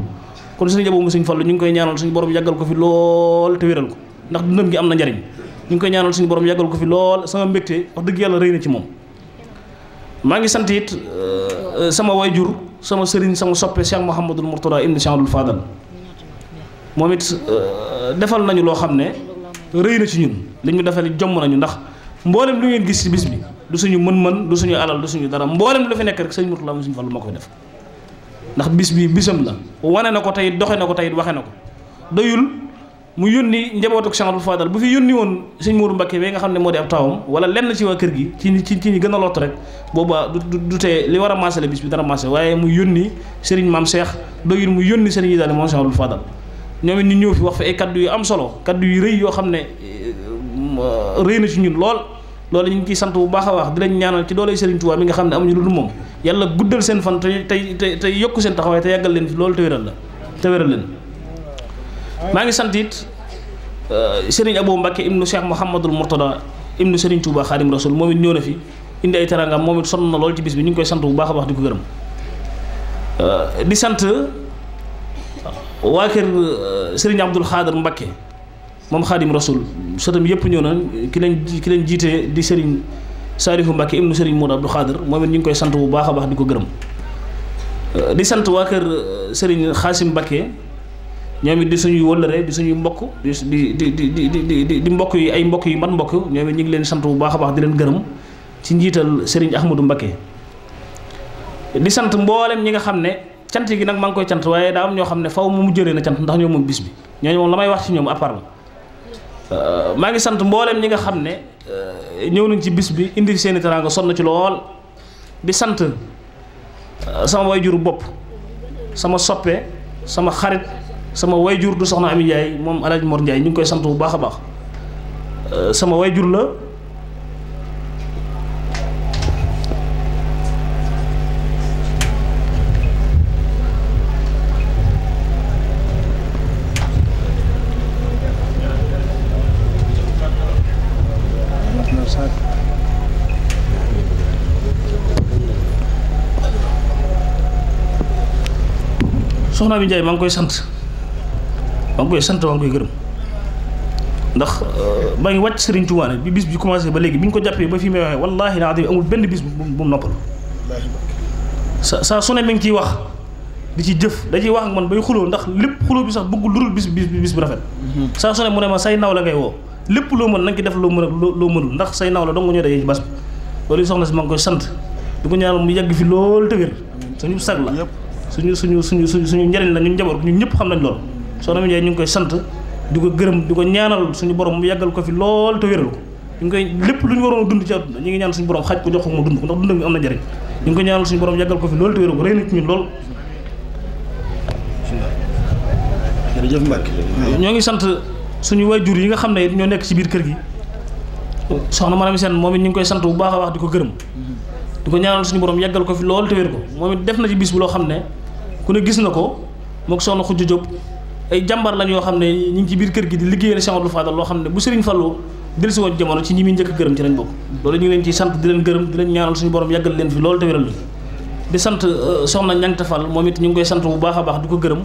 kon suñu jabo mu suñ fallu ñu ngi koy ñaanal suñu borom yàggal ko fi lool te wéral ko ndax dundam gi am na njariñ ñu ngi koy ñaanal suñu borom yàggal ko fi lool sama mbégte wax dëgg yàlla rëy na ci moom maa ngi sant it euh, sama jur sama sëriñ sama soppe Cheikh Mouhamadul Mourtada ibn Cheikhul Fadal moom it euh, defal nañu loo xam ne rëy na ci ñun li ñu defal jomm nañu lu ngeen gis ci bis bi du suñu mën-mën du suñu alal du suñu dara mboolem lu fi nekk rek sëñ Murtala mu suñu Fallu moo ko fi def ndax bis bii bisam la wane na ko tey doxe na ko tey waxe na ko doyul mu yónni njabootu Cheikh Abdou Fadal bu fi yónni woon sëñ Mourou Mbacké bi nga xam ne moo di ab tawam wala lenn ci waa kër gi ci ci ci ñi gën a lott rek boobaa du du li war a maasale bis bi dara maasale waaye mu yónni sëriñ maam Cheikh doyul mu yónni sëriñ yi daal moom Cheikh Abdou Fadal ñoom it ñu ñëw fi wax fi ay kaddu yu am solo kaddu yu rëy yoo xam ne eh, rëy na ci ñun lool loolu ñu ngi ciy sant bu baax a baax di lañ ñaanal ci doole Serigne Touba mi nga xam ne amuñu lu dul moom yàlla guddal seen fan te tey tey tey yokku seen taxawaay te yàggal leen fi loolu te wéral la te wéral leen maa ngi sant it euh, Serigne Abou Mbacke ibnu Cheikh Mouhamadul Mourtada ibnu Serigne Touba Khadim Rasoul moom it ñëw na fi indi ay terangam moom it sonn na lool ci bis bi ñu ngi koy sant bu baax a baax di ko gërëm euh, di sant waa kër euh, Serigne Abdoul Khader moom xaadim rasul sëtam yëpp ñoo na ki leen ki leen jiitee di sëriñ saarifu mbàkke ibnu sëriñ Mourou Abdou Khadir moom it ñu ngi koy sant bu baax a baax di ko gërëm euh, di sant waa kër euh, sëriñ xaasim mbàkke ñoom di suñuy wëllëre di suñuy mbokk di di di di di di mbokk yi ay mbokk yu mat mbokk ñoom ñu ngi leen sant bu baax a baax di leen gërëm ci njiital sëriñ ahmadou mbàkke di sant mboolem ñi nga xam ne cant gi nag maa ngi koy cant waaye daa am ñoo xam ne faw mu jëlee na cant ndax ñoo moom bis bi ñooñu moom la may wax ci ñoom à part Euh, maa ngi sant mboolem ñi nga xam ne euh, ñëw nañ ci bis bi indi seeni teraanga na ci lool bi sant euh, sama way jur bopp sama soppe sama xarit sama jur du soxna Ami Ndiaye moom El Hadj Mor Ndiaye ñu ngi koy sant bu baax a baax sama wayjur la. soxna bi Ndiaye koy sant maa koy sant maa koy gërëm ndax euh, maa ngi wàcc Serigne Touba bi bis bi commencé ba léegi bi ñu ko jàppee ba fi may waxee wallaahi naa amul benn bis bu mu noppal sa saa su ne mi ngi ciy wax di ci jëf da wax ak bay xuloo ndax lépp xuloo sax bëggul lu dul bis bis bis bu rafet. Mhm. saa su ne mu ne ma say naw la ngay woo lépp loo mën na nga def loo mën loo mënul ndax say naw la dong ñoo dee ci bas bi loolu soxna si maa ngi koy sant di ko ñaanal mu yàgg fi loolu te wér suñu sag la. suñu suñu suñu suñu njëriñ la ñun njaboot ñun ñëpp xam nañ loolu soxna mi ñu ngi koy sant di ko gërëm di ko ñaanal suñu borom mu yàggal ko fi lool te wéral ko ñu ngi koy lépp lu ñu waroon dund ci ñu ngi ñaan suñu borom xaj ko jox ko mu dund ko ndax dund mi am na njëriñ ñu ngi ko ñaanal suñu borom ko fi lool te ngi sant suñu waajur yi nga xam ne it nekk ci biir kër gi soxna Maram Sène moom ñu ngi koy sant bu baax wax di ko gërëm di ko ñaanal suñu borom yàggal ko fi lool te wér ko moom it def na ci biis bu loo xam ne ku ne gis na ko moo mook soxna Xujju Jóob ay jàmbar lañ yoo xam ne ñu ngi ci biir kër gi di liggéeyal Cheikh Abdou Fadal loo xam ne bu Serigne Fallou dellusi woon jamono ci ñi muy njëkk gërëm ci nañ bokk loolu ñu ngi leen ci sant di leen gërëm di leen ñaanal suñu borom leen fi loolu te wéral di sant euh, soxna Ñang moom it ñu ngi koy sant bu baax a baax di ko gërëm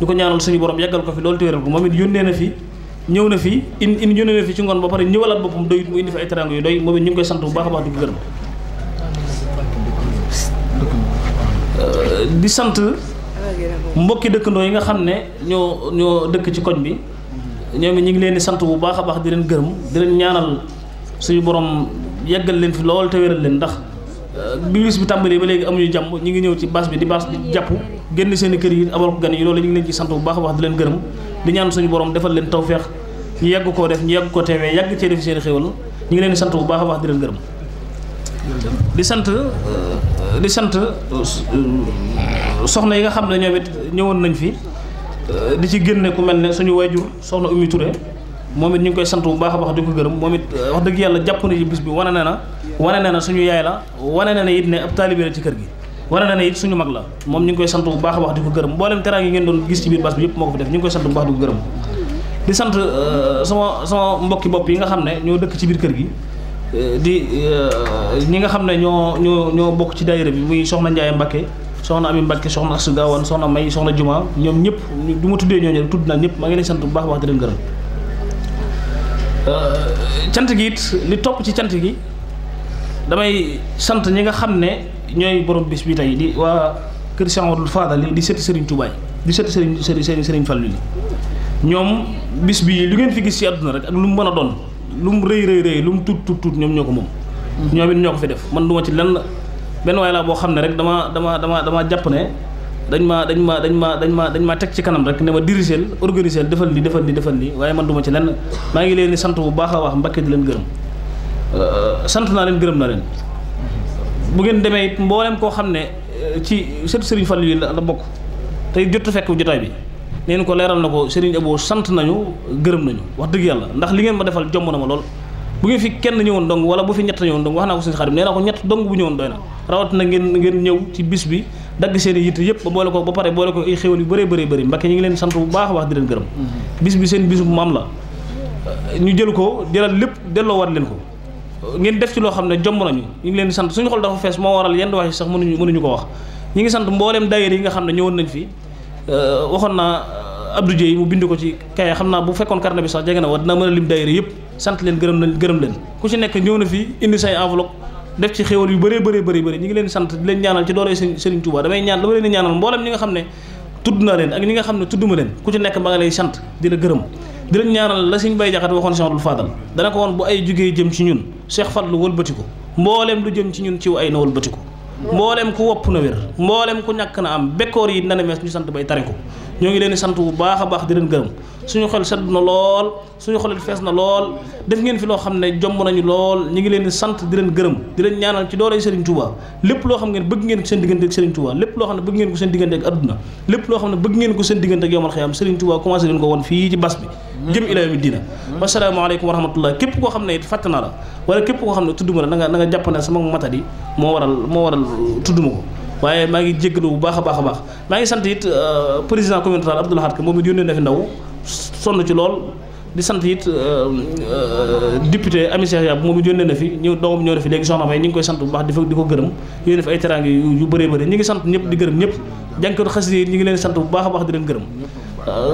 di ko ñaanal suñu borom yàggal ko fi loolu te wéral ko moom it yónnee na fi ñëw na fi in in yónnee na fi ci ngoon ba pare ñëwalaat boppam doyut mu indi a baax di gërëm euh, di sant mbokki dëkkandoo yi nga xam ne ñoo ñoo dëkk ci koñ bi ñoom it ñu ngi leen di sant bu baax a baax di leen gërëm di leen ñaanal suñu borom yeggal leen fi lool te wéral leen ndax euh, bi bis bi tàmbalee ba léegi amuñu jàmm ñu ngi ñëw ci baas bi di baas di jàpp génn seen i yi abal ko gan yi loolu ñu ngi sant bu baax a baax leen gërëm di suñu borom defal leen tawféex ñu yàgg koo def ñu yàgg ko teewee yàgg cee def seen i xéwal ñu ngi leen sant bu baax a baax di leen gërëm di sant euh, di sant euh, soxna yi nga xam ne ñoom it ñëwoon nañ fi euh, di ci génne ku mel ne suñu waajur soxna Oumy Touré moom it ñu ngi koy sant bu baax a baax di ko gërëm moom it wax dëgg yàlla jàpp na bis bi wane na na wane na na suñu yaay la wane na na it ne ab ci kër gi wane na na it suñu mag la moom ñu ngi koy sant bu baax a baax di ko gërëm mboolem teraanga yi ngeen doon gis ci biir bas bi yëpp moo ko fi def ñu ngi koy sant bu baax di ko gërëm di sant sama sama mbokki bopp yi nga xam ne ñoo dëkk ci biir kër gi di euh, ñi nga xam ne ñoo ñoo ñoo bokk ci daayira bi muy soxna Ndiaye Mbakke soxna Ami Mbakke soxna su Gawane soxna May soxna jumaa ñoom ñëpp du ma tuddee ñooñu rek tudd naa ñëpp maa ngi leen sant bu baax wax di leen euh, it li topp ci cant gi damay sant ñi nga xam ne ñooy borom bis bi tey di waa kër Cheikh Amadou Fadal di seeti Serigne tubaay di seeti sëriñ Serigne Serigne Fallou li ñoom bis bi lu ngeen fi gis ci àdduna rek ak lu mu mën a doon. lu mu rëy rëy rëy lu mu tuut tuut tuut ñoom ñoo ko moom ñoom it ñoo ko fi def man du ma ci lenn benn waay laa boo xam ne rek dama dama dama dama jàpp ne dañ maa dañ maa dañ maa dañ maa dañ maa teg ci kanam rek ne ma dirigeel organiseel defal li defal li defal li waaye man du ci lenn maa ngi leen di sant bu baax a wax Mbàkke di leen gërëm euh, sant naa leen gërëm naa leen bu ngeen demee it mboolem koo xam ne euh, ci sët Sëriñ Fallu yi la bokk tey jotu fekk jotaay bi neen ko leeral na ko Serigne Abo sant nañu gërëm nañu wax dëgg yàlla ndax li ngeen ma defal jomb na ma lool bu ngeen fi kenn ñëwoon dong wala bu fi ñett ñëwoon dong wax naa ko Serigne Khadim nee na rawat na ngeen ngeen bi dagg seen i yitte yëpp ba boole ko ba pare boole ko ay xéwal ñu ngi leen sant bu baax wax di leen gërëm mm-hmm. bis bi seen bisu maam la ñu jël ko jëlal lépp delloo waat leen ko ngeen def ci loo xam ne jomb nañu ñu ngi leen sant suñu xol dafa fees moo waral yenn wax yi sax mënuñu mënuñu ko wax ñi ngi sant mbooleem daayira yi nga xam ne ñëwoon nañ fi Euh, waxoon naa euh, Abdou Dieye mu bind ko ci kaye xam naa bu fekkoon carnet bi sax jege na wa dina mën a lim daayira yëpp sant leen gërëm na gërëm leen ku ci nekk ñëw na fii indi say enveloppe def ci xéwal yu bëree bëree bëri bëri ñi ngi leen sant di leen ñaanal ci doole Serigne Touba damay ñaan dama leen di ñaanal mboolem ñi nga xam ne tudd naa leen ak ñi nga xam ne tudduma leen ku ci nekk ma lay sant di la gërëm di la ñaanal la Serigne Baye Diakhaté waxoon Cheikh Abdoul Fadal dana ko woon bu ay jógee jëm ci ñun Cheikh Fadlu wëlbati ko mbooleem lu jëm ci ñun ci ay na wëlbati ko mboolem ku wopp na wér mboolem ku ñàkk na am bekkoor yi nana mees ñu sant bay tari ko ñoo ngi leen di sant bu baax a baax di leen gërëm suñu xol sedd na lool suñu xol fees na lool def ngeen fi loo xam ne jomb nañu lool ñu ngi leen di sant di leen gërëm di leen ñaanal ci dooley Serigne Touba lépp loo xam ngeen bëgg ngeen ko seen diggante ak Serigne lépp loo xam ne bëgg ngeen ko seen diggante ak adduna lépp loo xam ne bëgg ngeen ko seen diggante ak yomal xiyam Serigne Touba commencé leen ko woon fii ci bas bi jëm ila yawmi diina wasalaamaaleykum wa rahmatullah képp koo xam ne it fàtte naa képp koo xam ne na nga na nga jàpp ne sama matadi moo waral moo waral waaye maa ngi jégalu bu baax a baax a baax maa ngi sant it euh, président commune rurale Abdou Lahad Ka moom it yónnee na fi ndaw sonn ci lool di sant it euh, euh, député Ami Cheikh Yab moom it yónnee na fi ñu doomam ñëw na fi léegi soxna May ñu ngi koy sant bu baax di di ko gërëm yónnee fi ay teraanga yu bëree bëri ñu ngi sant ñëpp di gërëm ñëpp jànkatu xasida yi ñu ngi leen sant bu baax a baax di leen gërëm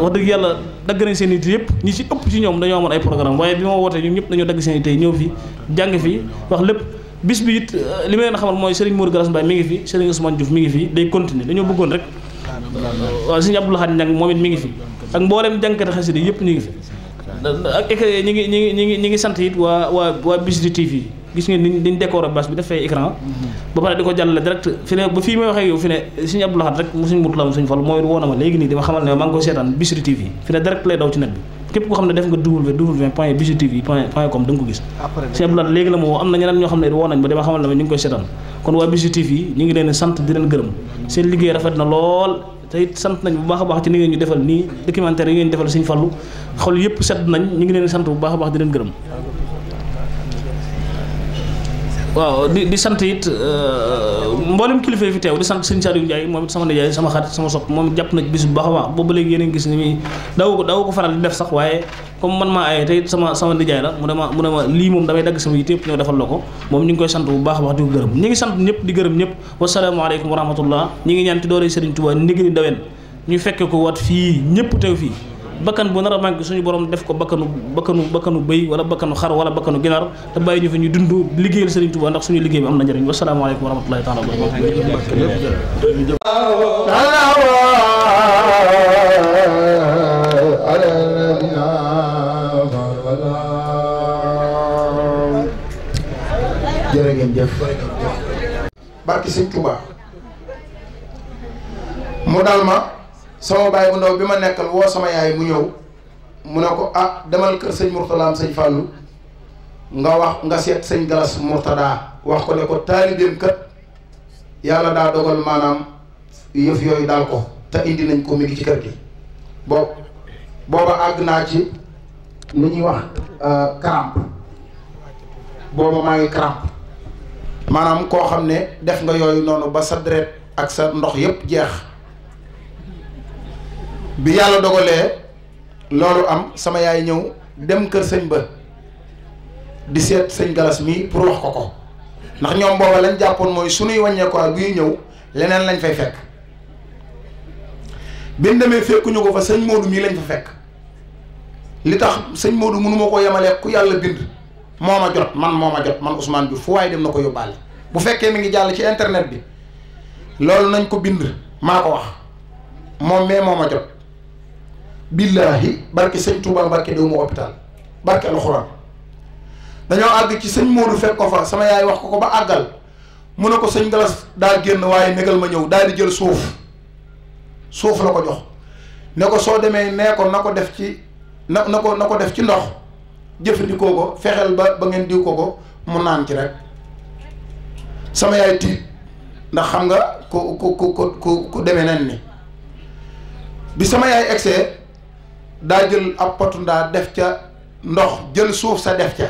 wax dëgg yàlla dagg nañ seen it yëpp ñi ci ëpp ci ñoom dañoo amoon ay programme waaye bi ma wootee ñun ñëpp dañoo dagg seen it fi jàng fi wax lépp bis bi it euh, li ma leen xamal mooy Serigne Mourou Gallas Mbaye mi ngi fi Serigne Ousmane Diouf mi ngi fi day continuer dañoo bëggoon rek waaw Serigne Abdou Lahad Niang moom it mi ngi fi ak mboolem jànkati xasida yëpp ñu ngi fi ak ñi ngi ñi ngi ñi ngi sant it waa waa waa Bichri TV gis ngeen niñ niñ ba pare di ko jàllale direct fi ne ba may waxee yow fi ne Serigne Abdou Lahad rek mu Serigne Mourou Lam Serigne Fall mooy woo na ma léegi nii dama xamal ne maa ngi ko seetaan Bichri TV fi ne direct lay daw ci net bi képp ko xam ne def nga www point bijutv point com da nga ko gis sëñ Abdoulaye léegi la moo am na ñeneen ñoo xam ne woo nañ ba dama xamal ne ñu ngi koy seetaan kon waa bijutv yi ñu ngi leen sant di leen gërëm seen liggéey rafet na lool te it sant nañ bu baax a baax ci ni ngeen ñu defal nii documentaire yi ngeen defal Sëñ Fallu xol yëpp set nañ ñu ngi leen sant bu baax a baax di leen gërëm waaw di di sant it euh, mboolem kilifa yi fi teew di sant sëñ Saliou Ndiaye moom it sama nijaay sama xarit sama sopp moom jàpp na bis bu baax a baax boobu léegi yéen gis ni muy daawu ko daawu ko faral di def sax waaye comme man maa aye te it sama sama nijaay la mu ne ma mu ne ma lii moom damay dagg sama yitte yëpp ñoo defal la ko moom ñu ngi koy sant bu baax a baax di ko gërëm ñu ngi sant ñëpp di gërëm ñëpp wasalaamaaleykum wa rahmatullah ñu ngi ñaan ci doole Serigne Touba ndigg ni ñu fekke ko wat fii ñëpp teew fii bakkan bu nar a suñu borom def ko bakkanu bakkanu bakkanu bëy wala bakkanu xar wala bakkanu ginaar te bàyyi ñu fi ñu dund liggéeyal Serigne Touba ndax suñu liggéey bi am na njëriñ wasalaamaaleykum wa rahmatulahi barki Serigne Touba mu daal ma sama baay bu ndaw bi ma nekkal woo sama yaay mu ñëw mu ne ko ah demal kër sëñ Mourtalaam sëñ Fallou nga wax nga seet sëñ Galas Mourtada wax ko ne ko taalibeem kat yàlla daa dogal maanaam yëf yooyu daal ko te indi nañ ko mi ci kër gi boobu booba àgg naa ci lu ñuy wax euh, crampe booba maa ngi crampe maanaam koo xam ne def nga yooyu noonu ba sa deret ak sa ndox yëpp jeex bi yàlla dogalee loolu am sama yaay ñëw dem kër sëñ ba di seet sëñ galas mii pour wax ko ko ndax ñoom booba lañ jàppoon mooy suñuy wàññeekuwaay buy ñëw leneen lañ fay fekk biñ demee fekkuñu ko fa sëñ Modou mii lañ fa fekk li tax sëñ Modou mënuma ko yemale ku yàlla bind moo ma jot man moo ma jot man Ousmane Diouf fu waaye dem na ko yóbbaale bu fekkee mi ngi jàll ci internet bi loolu nañ ko bind maa ko wax moom mais moo ma jot billaahi barke sëñ Touba barke doomu hôpital barke alxuraan dañoo àgg ci sëñ Modou fekk ko fa sama yaay wax ko ko ba àggal mun ne ko sëñ Galas daa génn waaye négal ma ñëw daal di jël suuf suuf la ko jox ne ko soo demee nee na ko def ci na na na ko def ci ndox jëfandikoo ko fexeel ba ba ngeen diw ko ko mu naan ci rek sama ndax xam nga ku ku ku ku ku demee nen ni bi sama yaay egsee daa jël ab potu ndaa def ca ndox jël suuf sa def ca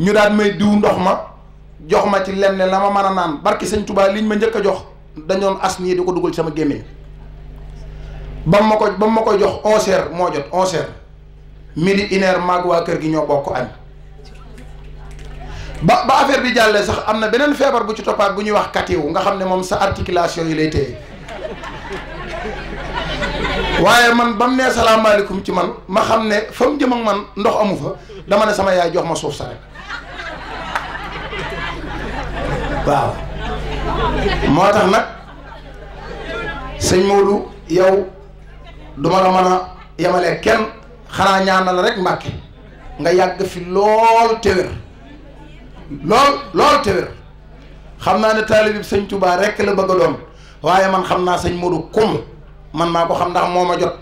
ñu daan may diw ndox ma jox ma ci lenn la ma mën a naan barki sëñ Tuubaa liñ ma njëkk a jox dañoon as nii di ko dugal sama gémmiñ ba ma ko ba ma ko jox onze moo jot onze heures midi une waa kër gi ñoo bokk añ ba ba affaire bi jàllee sax am na beneen feebar bu ci toppaat bu ñuy wax katiw nga xam ne moom sa articulation yi lay téye waaye man ba mu nee salaamaaleykum ci man ma xam ne fa mu jëm man ndox amu fa dama ne sama yaay jox ma suuf sa rek waaw moo tax nag sëñ Modou yow duma la mën a yamale kenn xanaa ñaanal rek Mbàkke nga yàgg fi lool téwér lool lool téwér xam naa ne taalibib sëñ tubaa rekk la bëgg a doon waaye man xam naa sëñ Modou kum man maa ko xam ndax moo ma jot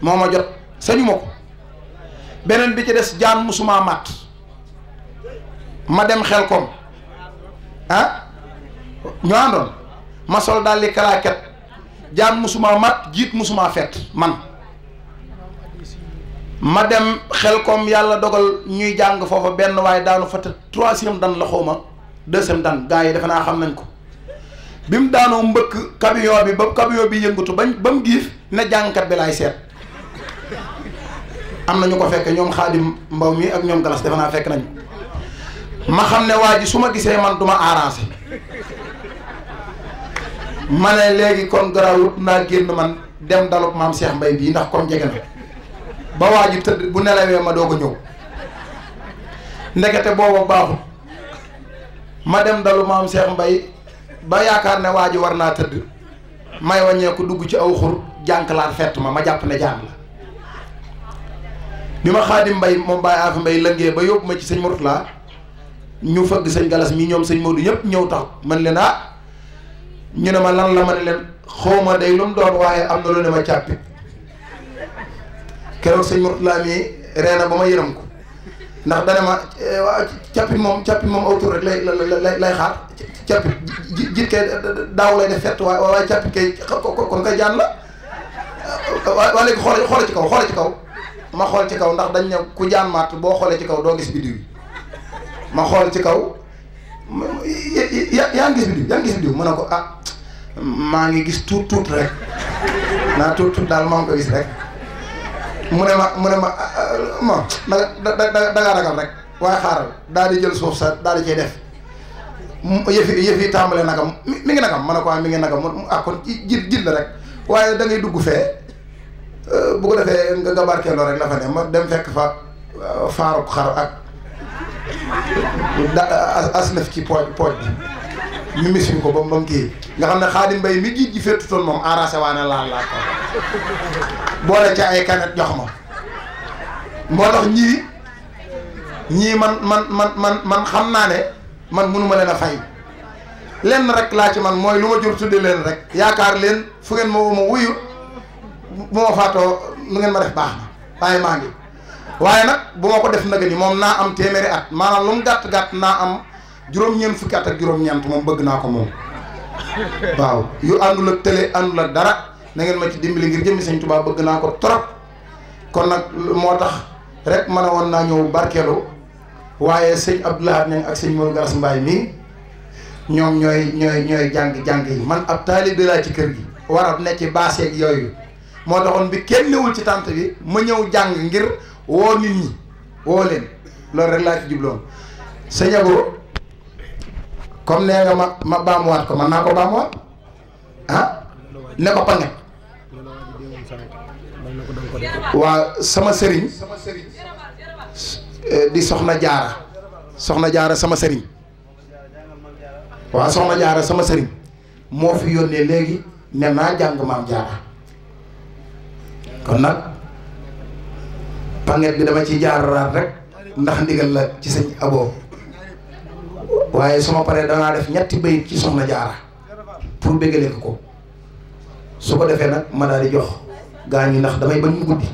moo ma jot sañu ko beneen bi ci des jaan musuma mat ma dem xel koom ah ñu àndoon ma sol daal di kalaaket jaan musuma mat jiit musuma fet man ma dem xel koom yàlla dogal ñuy jàng foofa benn waaye daanu fa troisième dan la xaw ma deuxième dan gaa yi defe naa xam nañ ko bi mu daanoo mbëkk camion bi ba camion bi yëngatu bañ ba mu giif ne jàngkat bi laay seet am na ñu ko fekk ñoom xaadim mbaw mi ak ñoom galas defe naa fekk nañu ma xam ne waa ji su ma gisee man du ma arrangé ma ne léegi kon garaawut naa génn man dem dalub maam Cheikh Mbay bii ndax kon jege na ba waa ji tëdd bu nelawee ma doog a ñëw ndekete booba baaxul ma dem dalu maam Cheikh Mbay ba yaakaar ne waa war naa tëdd may waññeeku dugg ci aw xur jànq jànkalaat fett ma ma jàpp ne jaam la bi ma xaadim mbay moom bàyyi aafi mbay lëngee ba yóbbu ma ci sëñ Murtala ñu fëgg sëñ galas mi ñoom sëñ Modou ñëpp ñëw tax man leen ah ñu ne ma lan la ma leen xaw ma day lu mu waaye am na lu ne ma càppi keroog sëñ Murtala mi reena ba ma yërëm ko ndax dana ma eh, cappi moom cappi moom autour rek lay lay xaar cappi ji jiit kay daaw lay def fett waaye waaye cappi kay kon kay jaan la eh, waaye léegi xoole xoole ci kaw xoole ci kaw ma xool ci kaw ndax dañ ne ku jaan maat boo xoolee ci kaw doo gis biddiw yi ma xool ci kaw yaa ngi gis biddiw yaa ngi gis biddiw mu ne ko ah maa ngi gis tuut tuut rek naa tuut tuut daal maa ngi ko gis rek mu ne ma mu ne ma moom da da da ngaa ragal rek waaye xaaral daal di jël suuf sa daal di cay def yëf yi yëf yi tàmbale nagam mi ma ne ko ah, mi ngi nagam mu ah kon ji ji la rek waaye da dugg fee euh, bu ko defee nga barkeeloo rek la fa ne ma dem fekk fa euh, faaruk xar ak da aslef ci pooj pooj bi mi misin ko ba mu kii nga xam ne xaadim mbay mi jiit ji féetutoon moom arrasé waa ne laa ko boole ca ay kanet jox ma moo tax ñii ñii man man man man man xam naa ne man mënu ma leen a fay lenn rek laa ci man mooy lu ma jur tudde leen rek yaakaar leen fu ngeen ma woo ma wuyu bu ma faatoo lu ngeen ma def baax na waaye maa ngi waaye nag bu ma ko def nag ni moom naa am téeméeri at maanaam lu mu gàtt gàtt naa am juróom-ñeent fukki at ak juróom-ñeent moom bëgg naa ko moom waaw yu àndul ak télé àndul ak dara. nangeen ma ci dimbali ngir jëmmi sëñ Tuubaa bëgg naa ko trop kon nag moo tax rek mën a woon naa ñëw barkeelu waaye sëñ Abdou Lahad Niang ak sëñ Modou Garas Mbaye mii ñoom ñooy ñooy ñooy jàng-jàng yi man ab taalibe laa ci kër gi warab ne ci baaseeg yooyu moo taxoon bi kenn newul ci tànt bi ma ñëw jàng ngir woo nit ñi woo leen loolu rek laa ci jubloon sëñ Abo comme nee nga ma ma baamuwaat ko man naa ko baamuwaat ah? ne ko panget waa sama sëriñ eh, di soxna jaara soxna jaara sama sëriñ waa soxna jaara sama sëriñ moo fi yónnee léegi ne naa jàng maam jaara kon nag panget bi dama ci jaararaat rek ndax ndigal la ci sëñ aboo waaye su ma paree danaa def ñetti bayit ci soxna jaara pour béggale ko su ko defee nag ma daal di jox gaa ñi ndax damay bañ mu guddi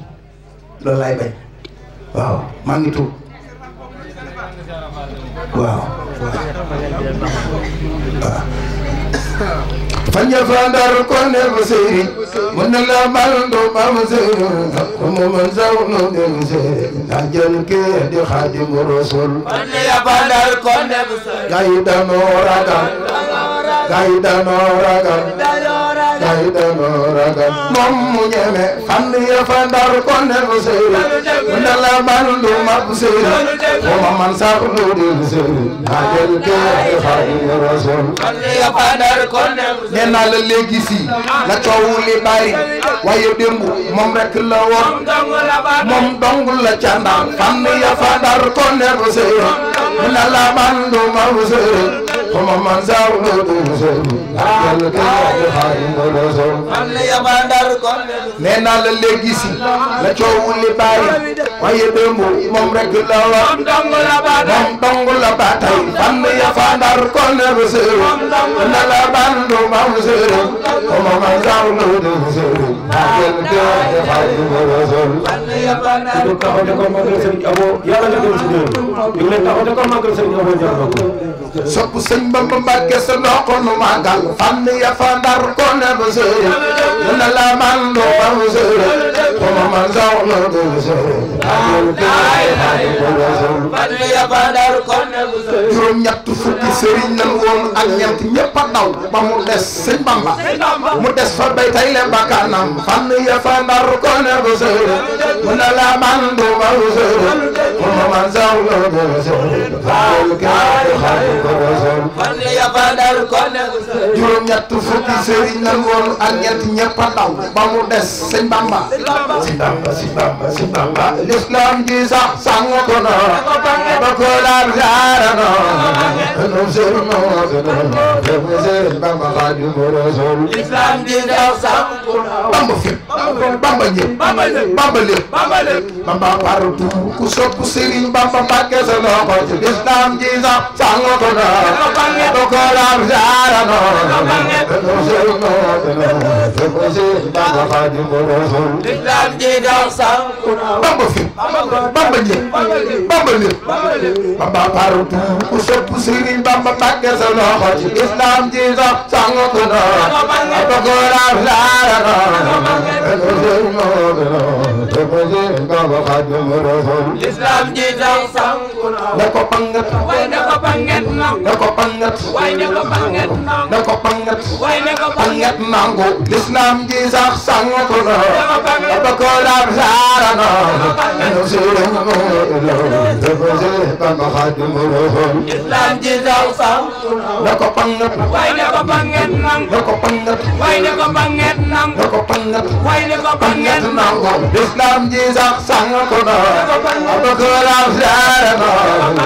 loolu laay bañ waaw maa ngi tuub waaw waaw فنجفان دار كون المسيري من الله مالن دو ما مسير ومن زون دو مسير نجل كي دي خادم الرسول فنجفان دار كون المسيري قايدا نورا قايدا نورا قايدا نورا moom mu ñeme fan ya fa ndar kon ne lu sëri mu ne la man du mab sëri mu ma man sax di sëri maa jël kee xaadimu rasul fan ya fa ndar kon ne lu sëri nee naa la léegi si la coow kuma man saw loo dul sol yàlla kenn waaju xaadim ba loo sol man la yabaa ndar kon nee naa la léegi si la coowu li bàyyi waaye démb moom rek la wax moom dong la ba tey moom dong la ba tey man la yabaa ndar kon ne ba séeréer na la bandu mam séeréer kuma man saw loo dul sol yàlla kenn waaju xaadim ba loo sol man la yabaa ndar kon taxaw de ko magal sëriñ Abo yàlla la gën si déglu ñu leen taxaw de ko magal sëriñ Abo jar na ko sëñ Bamba Mbàkke sa doxu nu màggal fan ya fa ndar ko ne ba sëriñ mu ne la man du ba mu sëriñ ko ma man sax la du ba sëriñ fan ya fa ndar ko ne ba sëriñ juróom ñett fukki sëriñ nan woon ak ñett ñépp a daw ba mu des sëñ Bamba mu des fa bay tay le bakkanam fan ya fa ndar ko ne ba sëriñ mu ne la man du ba mu sëriñ ko ma man sax la du ba sëriñ man ñett fukki sëriñ la woon ak ñett ñëpp a ba mu des sëñ Bamba sëñ ji sax sang ko no ba ko laal Bamba Xaadimu Bamba fépp Bamba ñëpp Bamba lépp Bamba lépp Bamba Bamba Mbàkke sa loxo ci ji sax sang ko no بكرم زارنا نسلم نسلم خادم الرسول لله جيدا سانكنا بابا في بابا جي بابا لي بابا فاروق وسب سيرين بابا مكة سلا خاج إسلام جيدا سانكنا بكرم زارنا نسلم نسلم بابا خادم الرسول لله جيدا سانكنا لكو بانغت لكو بانغت لكو kon pangat waaye ne ko pangat nangu ne ko pangat waaye ne ko pangat nangu lislaam ji sax sangu ko na ba ko laam saara na nu sirum mu ba ma xadim ruhum lislaam ji sax sangu ne ko pangat waaye ne ko pangat nangu ne ko pangat waaye ne ko pangat nangu ne ko pangat waaye ne ko pangat nangu lislaam ji sax sangu ko na ba ko laam saara na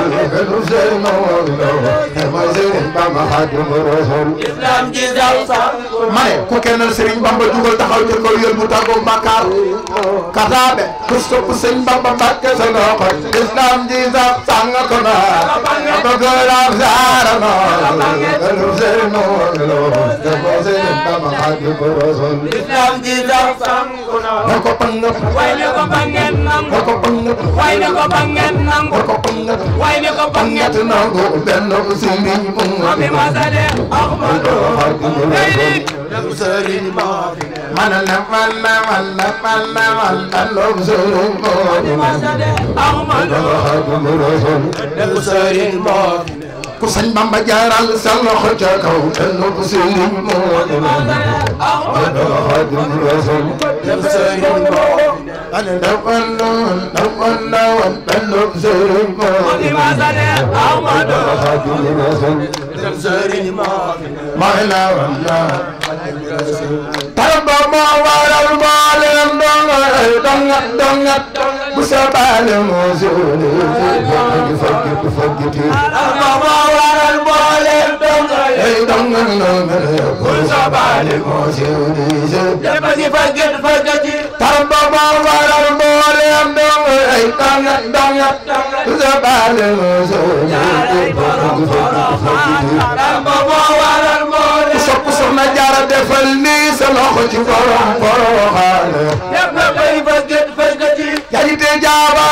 nu sirum mu Serigne Bamba Xaadimu Rasuul islam ji daw sa ma ne ku kennal Serigne Bamba jugal taxaw ci kaw yéen mu tàggoog bàkkaar kataabe ku sopp Serigne Bamba Mbàkke sa loxo islam ji daw sang ko na bëgg la zaara na lu Serigne Lo dafa Serigne Bamba Xaadimu Rasuul islam ji daw sang ko na na ko pang way ne ko pangen nam na ko pang way ne ko pangen nam na ko pang way ne ko pangen nam benn Serigne وبمثل أحمد غيرك لبسر ما في من لم لم لم لم لبسر وبمثل أحمد غيرك لبسر ما في ku sañ bamba jaaral sa loxo ca kaw te nopp sëriñ moo wane na Ahmadu Xaadimu Rasuul te sëriñ moo ane ndawan noon ndawan ndawan te nopp sëriñ moo wane na Ahmadu Xaadimu Rasuul te sëriñ moo wane na tarba moo waral mbooleem donga donga donga bu sa baale moo sëriñ faggiti almama waral mboolem donga day dongal noo mene bul sabali moo siiw di se ñëpp si faggit faggiti almama waral mboolem donga day dongal dongal bul sabali moo siiw di se borom borom faggiti almama waral mboolem sokku soxna jaara defal ni sa loxo ci borom borom xaale ñëpp bay faggit faggiti yaa ngi te jaaba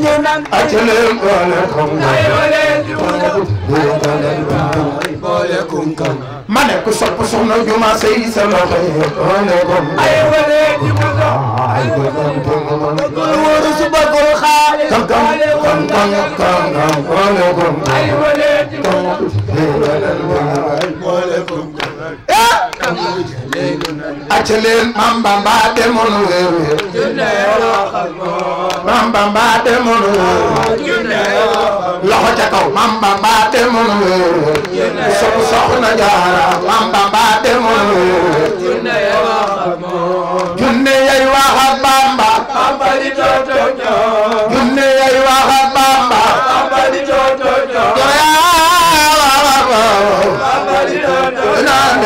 ñu naan acca leen boole xam nga boole kum kan ma ne ku sopp soxna juma sey sama xëy boole kum ay wale ji mu dox ay wale kul wóoru suba kul xaale boole kum kan boole kum ay wale ji mu dox boole kum acca leen maam Bamba demoon wéeru maam Bamba demoon wéeru loxo ca kaw maam Bamba demoon wéeru sopp soxna jaara maam Bamba demoon wéeru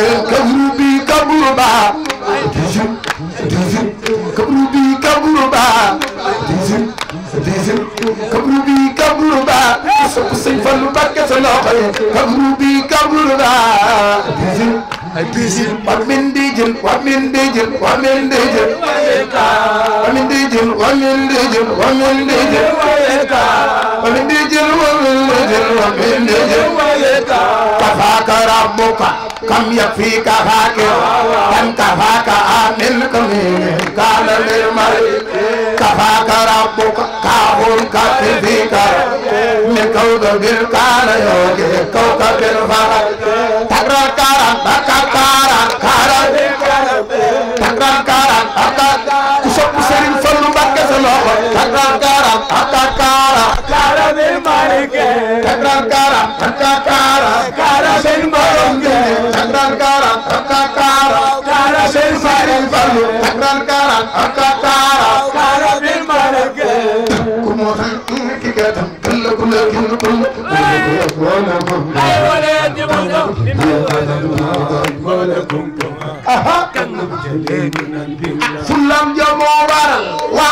كبربي كبربا ديزم ديزم كبربي كبربا ديزم ديزم كبربي كبربا سوق سيف البكة سلاقي كبربي كبربا ديزم ديزم ومن ديجل ومن ديجل ومن ديجل ومن ديجل ومن ديجل ومن ديجل ومن ديجل ومن نجر ومن نجر كفاك ربك كم يكفيك فاكر كم كفاك آمن كمين قال للمريض كفاك ربك كافر كفيك من كوكب كان يوجد كوكب الفرد تقرأ كارا بكا كارا كارا تقرأ كارا بكا كسب سرين فلو بكا سلوه تقرأ كارا بكا كارا takran kara takka kara kara sen borom ge takran kara takka kara kara sen farin falu takran kara takka kara kara bin malage kumo ki gadam kulla kulla kin kun wala kum ay wala yadibum wala kum aha kan nam jale nan billah fulam jamo waral wa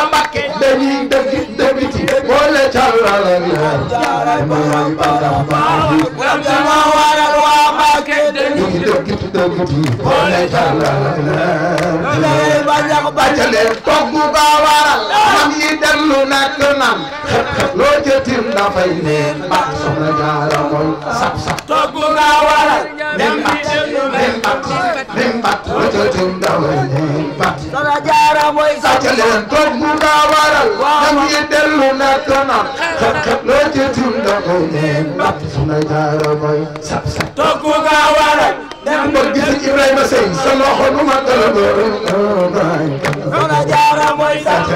biti boole càllal ak leer jaaray borom bara baaxi lam sama waral waa Mbàkke dëgg dëgg dëgg boole càllal ak leer jaaray bañax bàccale togg ba waral nam yi dellu nekk nam xëp xëp loo jëtim dafay neen ba soxna jaara mooy sap sap togg ba waral nem ba leen pat wëccëg ndaw leen pat. dara jaara mooy sàcc leen toog mu nga waral. waaw ñam dellu na tonam. xet xet wëccëg ndaw leen pat. dara jaara mooy sàpp sàpp. toog mu nga waral. dem ba gis Ibrahima Seye sa loxo nu ma dara doon. mooy sant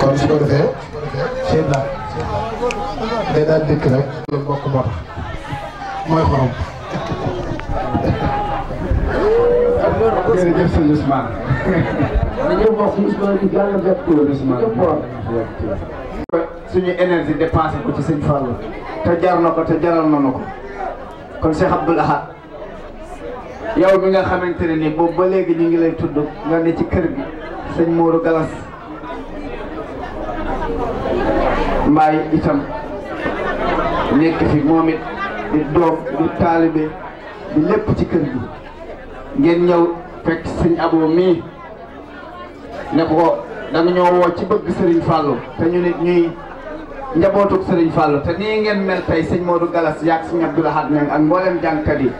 kon su ko defee seen la dikk rek mbokk moo jërëjëf sëñ Ousmane. ñu bokk Ousmane ko Ousmane. suñu énergie dépensé ci sëñ Fallou te jar na ko te jaral nañu ko kon Cheikh Abdoul Ahad yow mi nga xamante ne ni boobu ba léegi ñu ngi lay tudd nga ne ci kër gi sëñ Mourou Galas Mbaye itam nekk fi moom it di doom di taalibe di lépp ci kër gi. ngeen ñëw fekk sëñ aboo mii ne ko da nga ci bëgg Serigne Fallou te ñu nit ñuy njabootug Serigne te nii ngeen mel tey sëñ Modou Galas yaag sëñ Abdou Lahad Niang ak mboolem jànka yi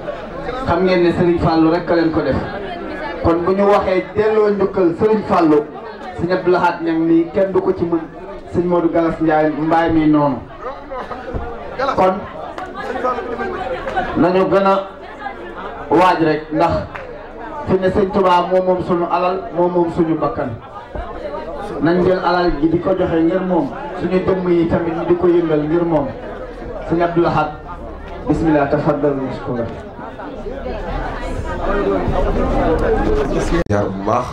xam ngeen ni Serigne Fallou rek ka leen ko def kon bu ñu waxee delloo njukkal Serigne Fallou sëñ Abdou Lahad Niang nii kenn du ko ci mën sëñ Modou Galas Ndiaye mbaay mi noonu kon nañu gën a waaj rek ndax fi ne sëñ Tuubaa moom moom suñu alal moom moom suñu bakkan nañ jël alal ji di ko joxe ngir moom suñu dëmm yi tamit ñu di ko yëngal ngir moom sëñ Abdou Lahad bismillah tafaddal muskura jaar bu baax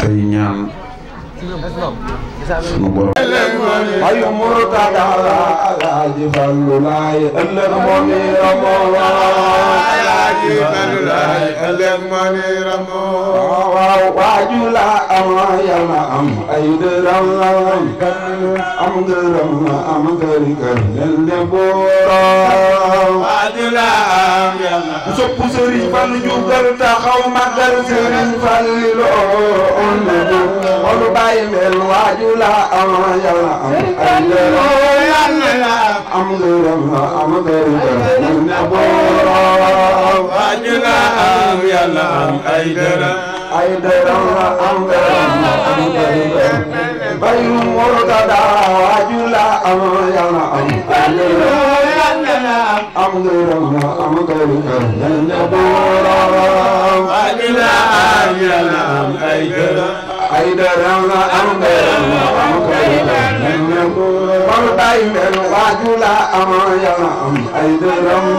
tey ñaan suñu borom ay murtada alaaji fallu laay ëllëg moom i ramoo alaaji fallu laay ëllëg moom i ramoo waaw waaju laa am yàlla am ay dëram la am am dëram la am këri kër mel ne booroo waaju laa am yàlla sopp sëriñ Fallu jugal taxaw magal sëriñ Fallu loo on na yaay mel waaju la am yàlla am ay yàlla am ngërëm am ngërëm na borom waaju la am yàlla am ay dërëm ay dërëm am ngërëm am ngërëm bayu morgada waaju la am yàlla am ay dërëm am ngërëm am ngërëm na borom waaju la am yàlla am ay dërëm aydaran am ngërëm am ngërëm ngërëm kon bàyyi mel waaju la am yàlla am aydaran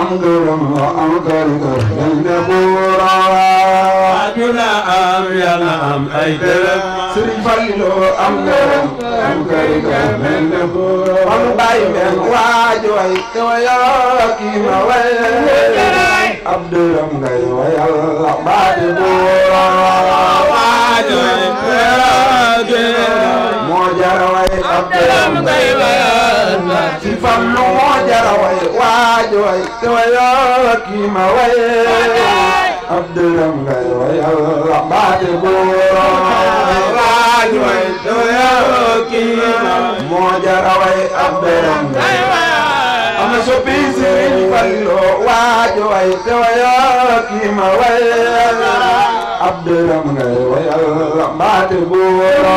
am ngërëm am ngërëm ngërëm ngërëm waaju la am yàlla am aydaran sëriñ Fallu am nga am kay nga mel na góor am bay men waaj way te wayoo kii ma way ab dërëm ngay wayal la baati góor waaj way moo jara way ab dërëm ngay wayal si Fallu moo jara way waaj way te wayoo kii ma way ab dërëm ngay wayal la baati góor yaa jooy doyoo kii moo jara way am beram ama soppi Sëriñ Fallu waa jooy doyoo kii ma way ab beram ngay wayal mbaate buuro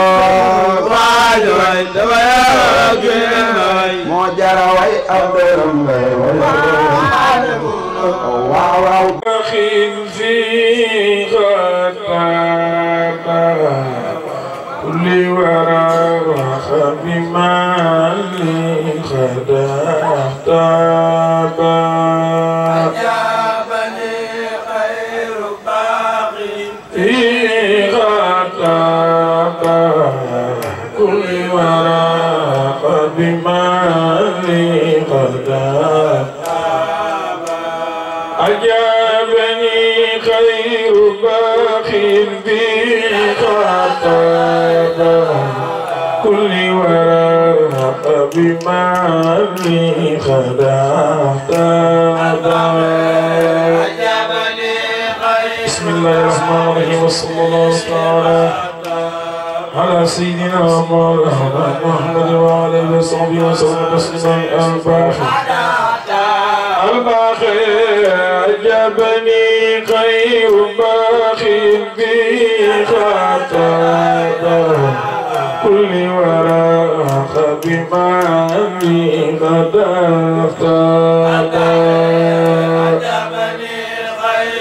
waa jooy doyoo kii moo jara way am beram ngay wayal لورى وخب مالي خدعته بما لي خدعت بسم الله الرحمن الرحيم وصلى الله تعالى على سيدنا مولانا محمد وعلى اله وصحبه وسلم تسليما الباخر الباخر عجبني خير باخر في خطا كل وراه بمعني ندرت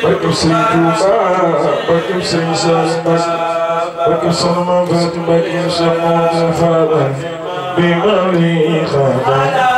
بكم سيدوما بكم سيسلمة بكم سلمة فاتبكم سموت فابا بمعني خبرت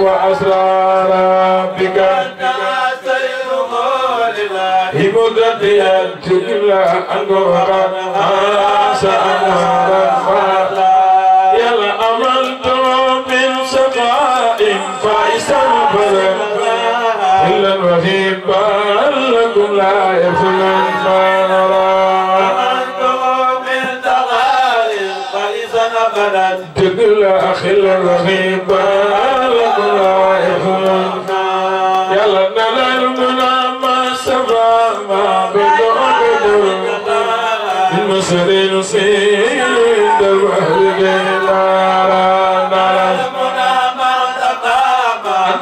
وأسرار ربك مدتيا إلا أن نهرا عاش أنهارا يلا أمنت من سماء فاستقبل إلا الرحيم لكم لا يفلن تقل أخي الرحيم بشر سيد الوهل نارا نارا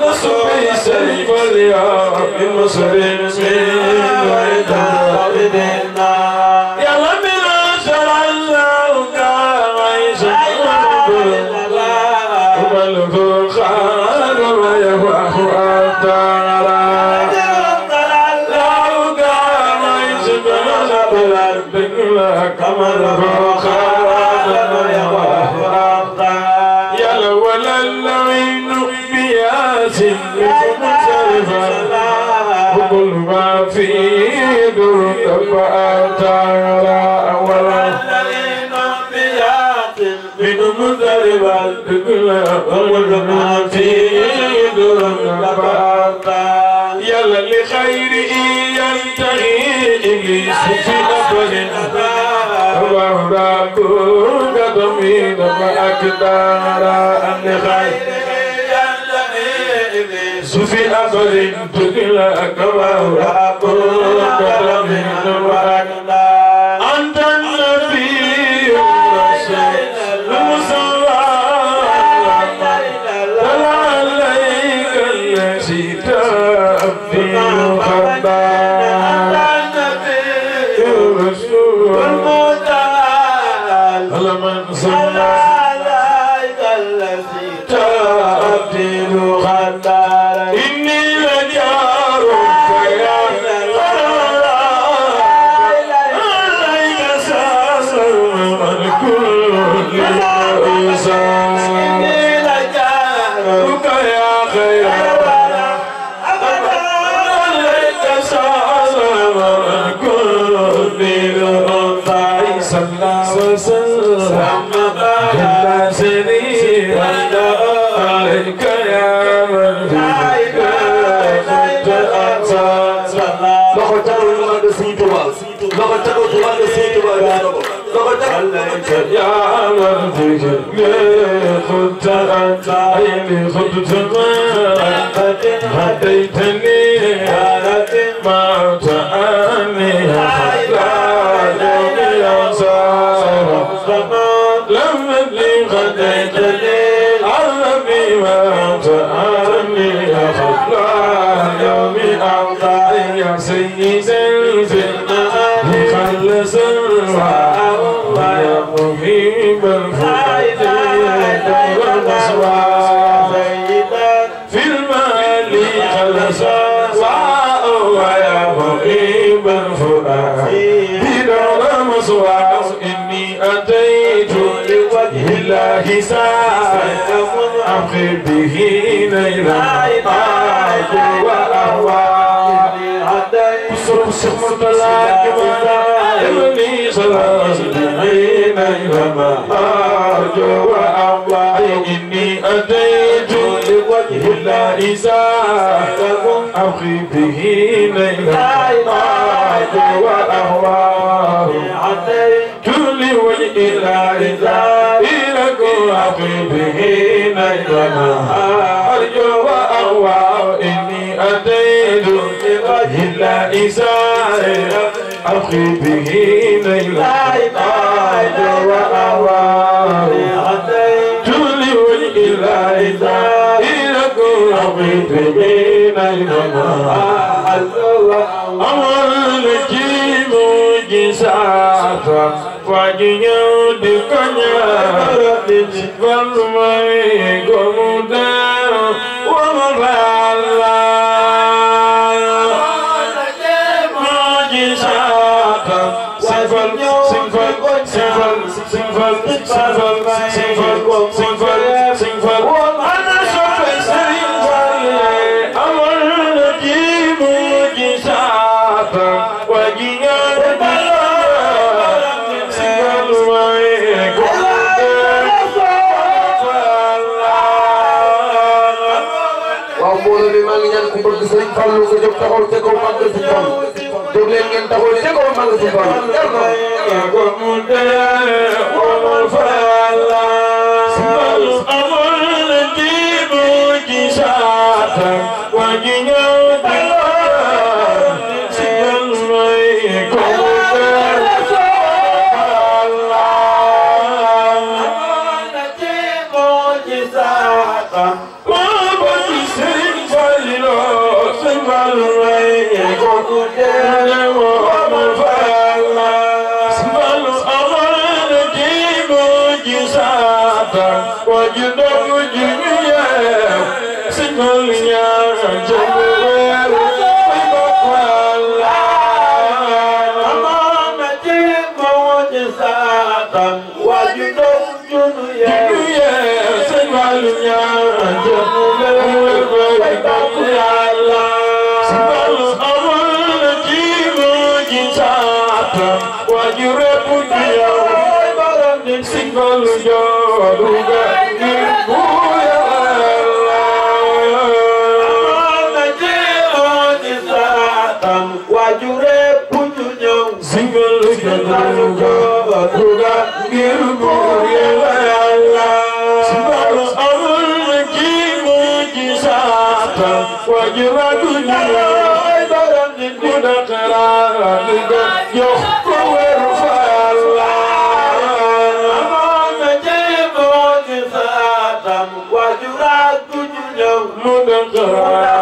نصبي سيف اليوم من مصر سيد وإدارة Tara كما ذكر الكدار أن خير سفي أصل تقل أكواه أقول كلام النوار خدت أنت عيني خدت هديتني ما تأني ساعة أبخر به ليلا أبو وأهواء بسر بسر مرتلا كما يبني صلاة ليلا لما أرجو وأهواء إني أتيت لوجه الله ساعة أبخر به ليلا أبو وأهواء تولي وجه الله أخي به ليلا قاد وأوى تولي الإله دائرك أخي به ليلا أول جيم جسات فجنو دكنا فالمي قمدار ومبالغ fallu ko jóg taxaw te ko màgg si tool jóg leen ngeen taxaw te ko màgg si tool Yo Lord.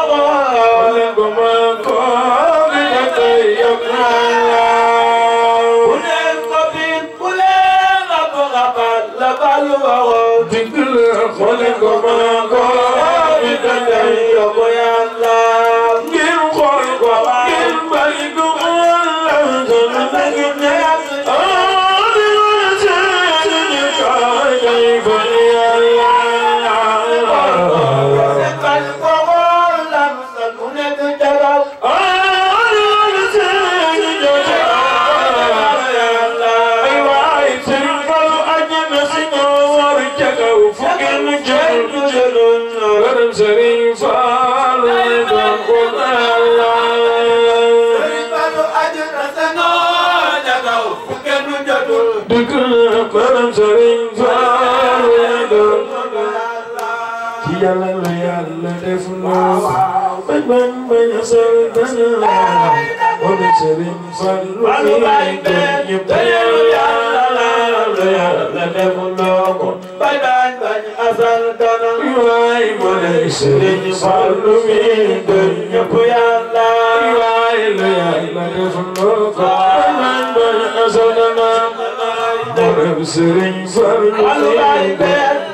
jalal yàlla def loo bañ bañ bañ a sal dana laa wala sëriñ Fallu mi doon ñëpp yàlla yàlla def loo ko bañ bañ bañ a sal dana waay wala sëriñ Fallu mi doon ñëpp yàlla yàlla def loo ko bañ bañ bañ a sal dana wala sëriñ Fallu mi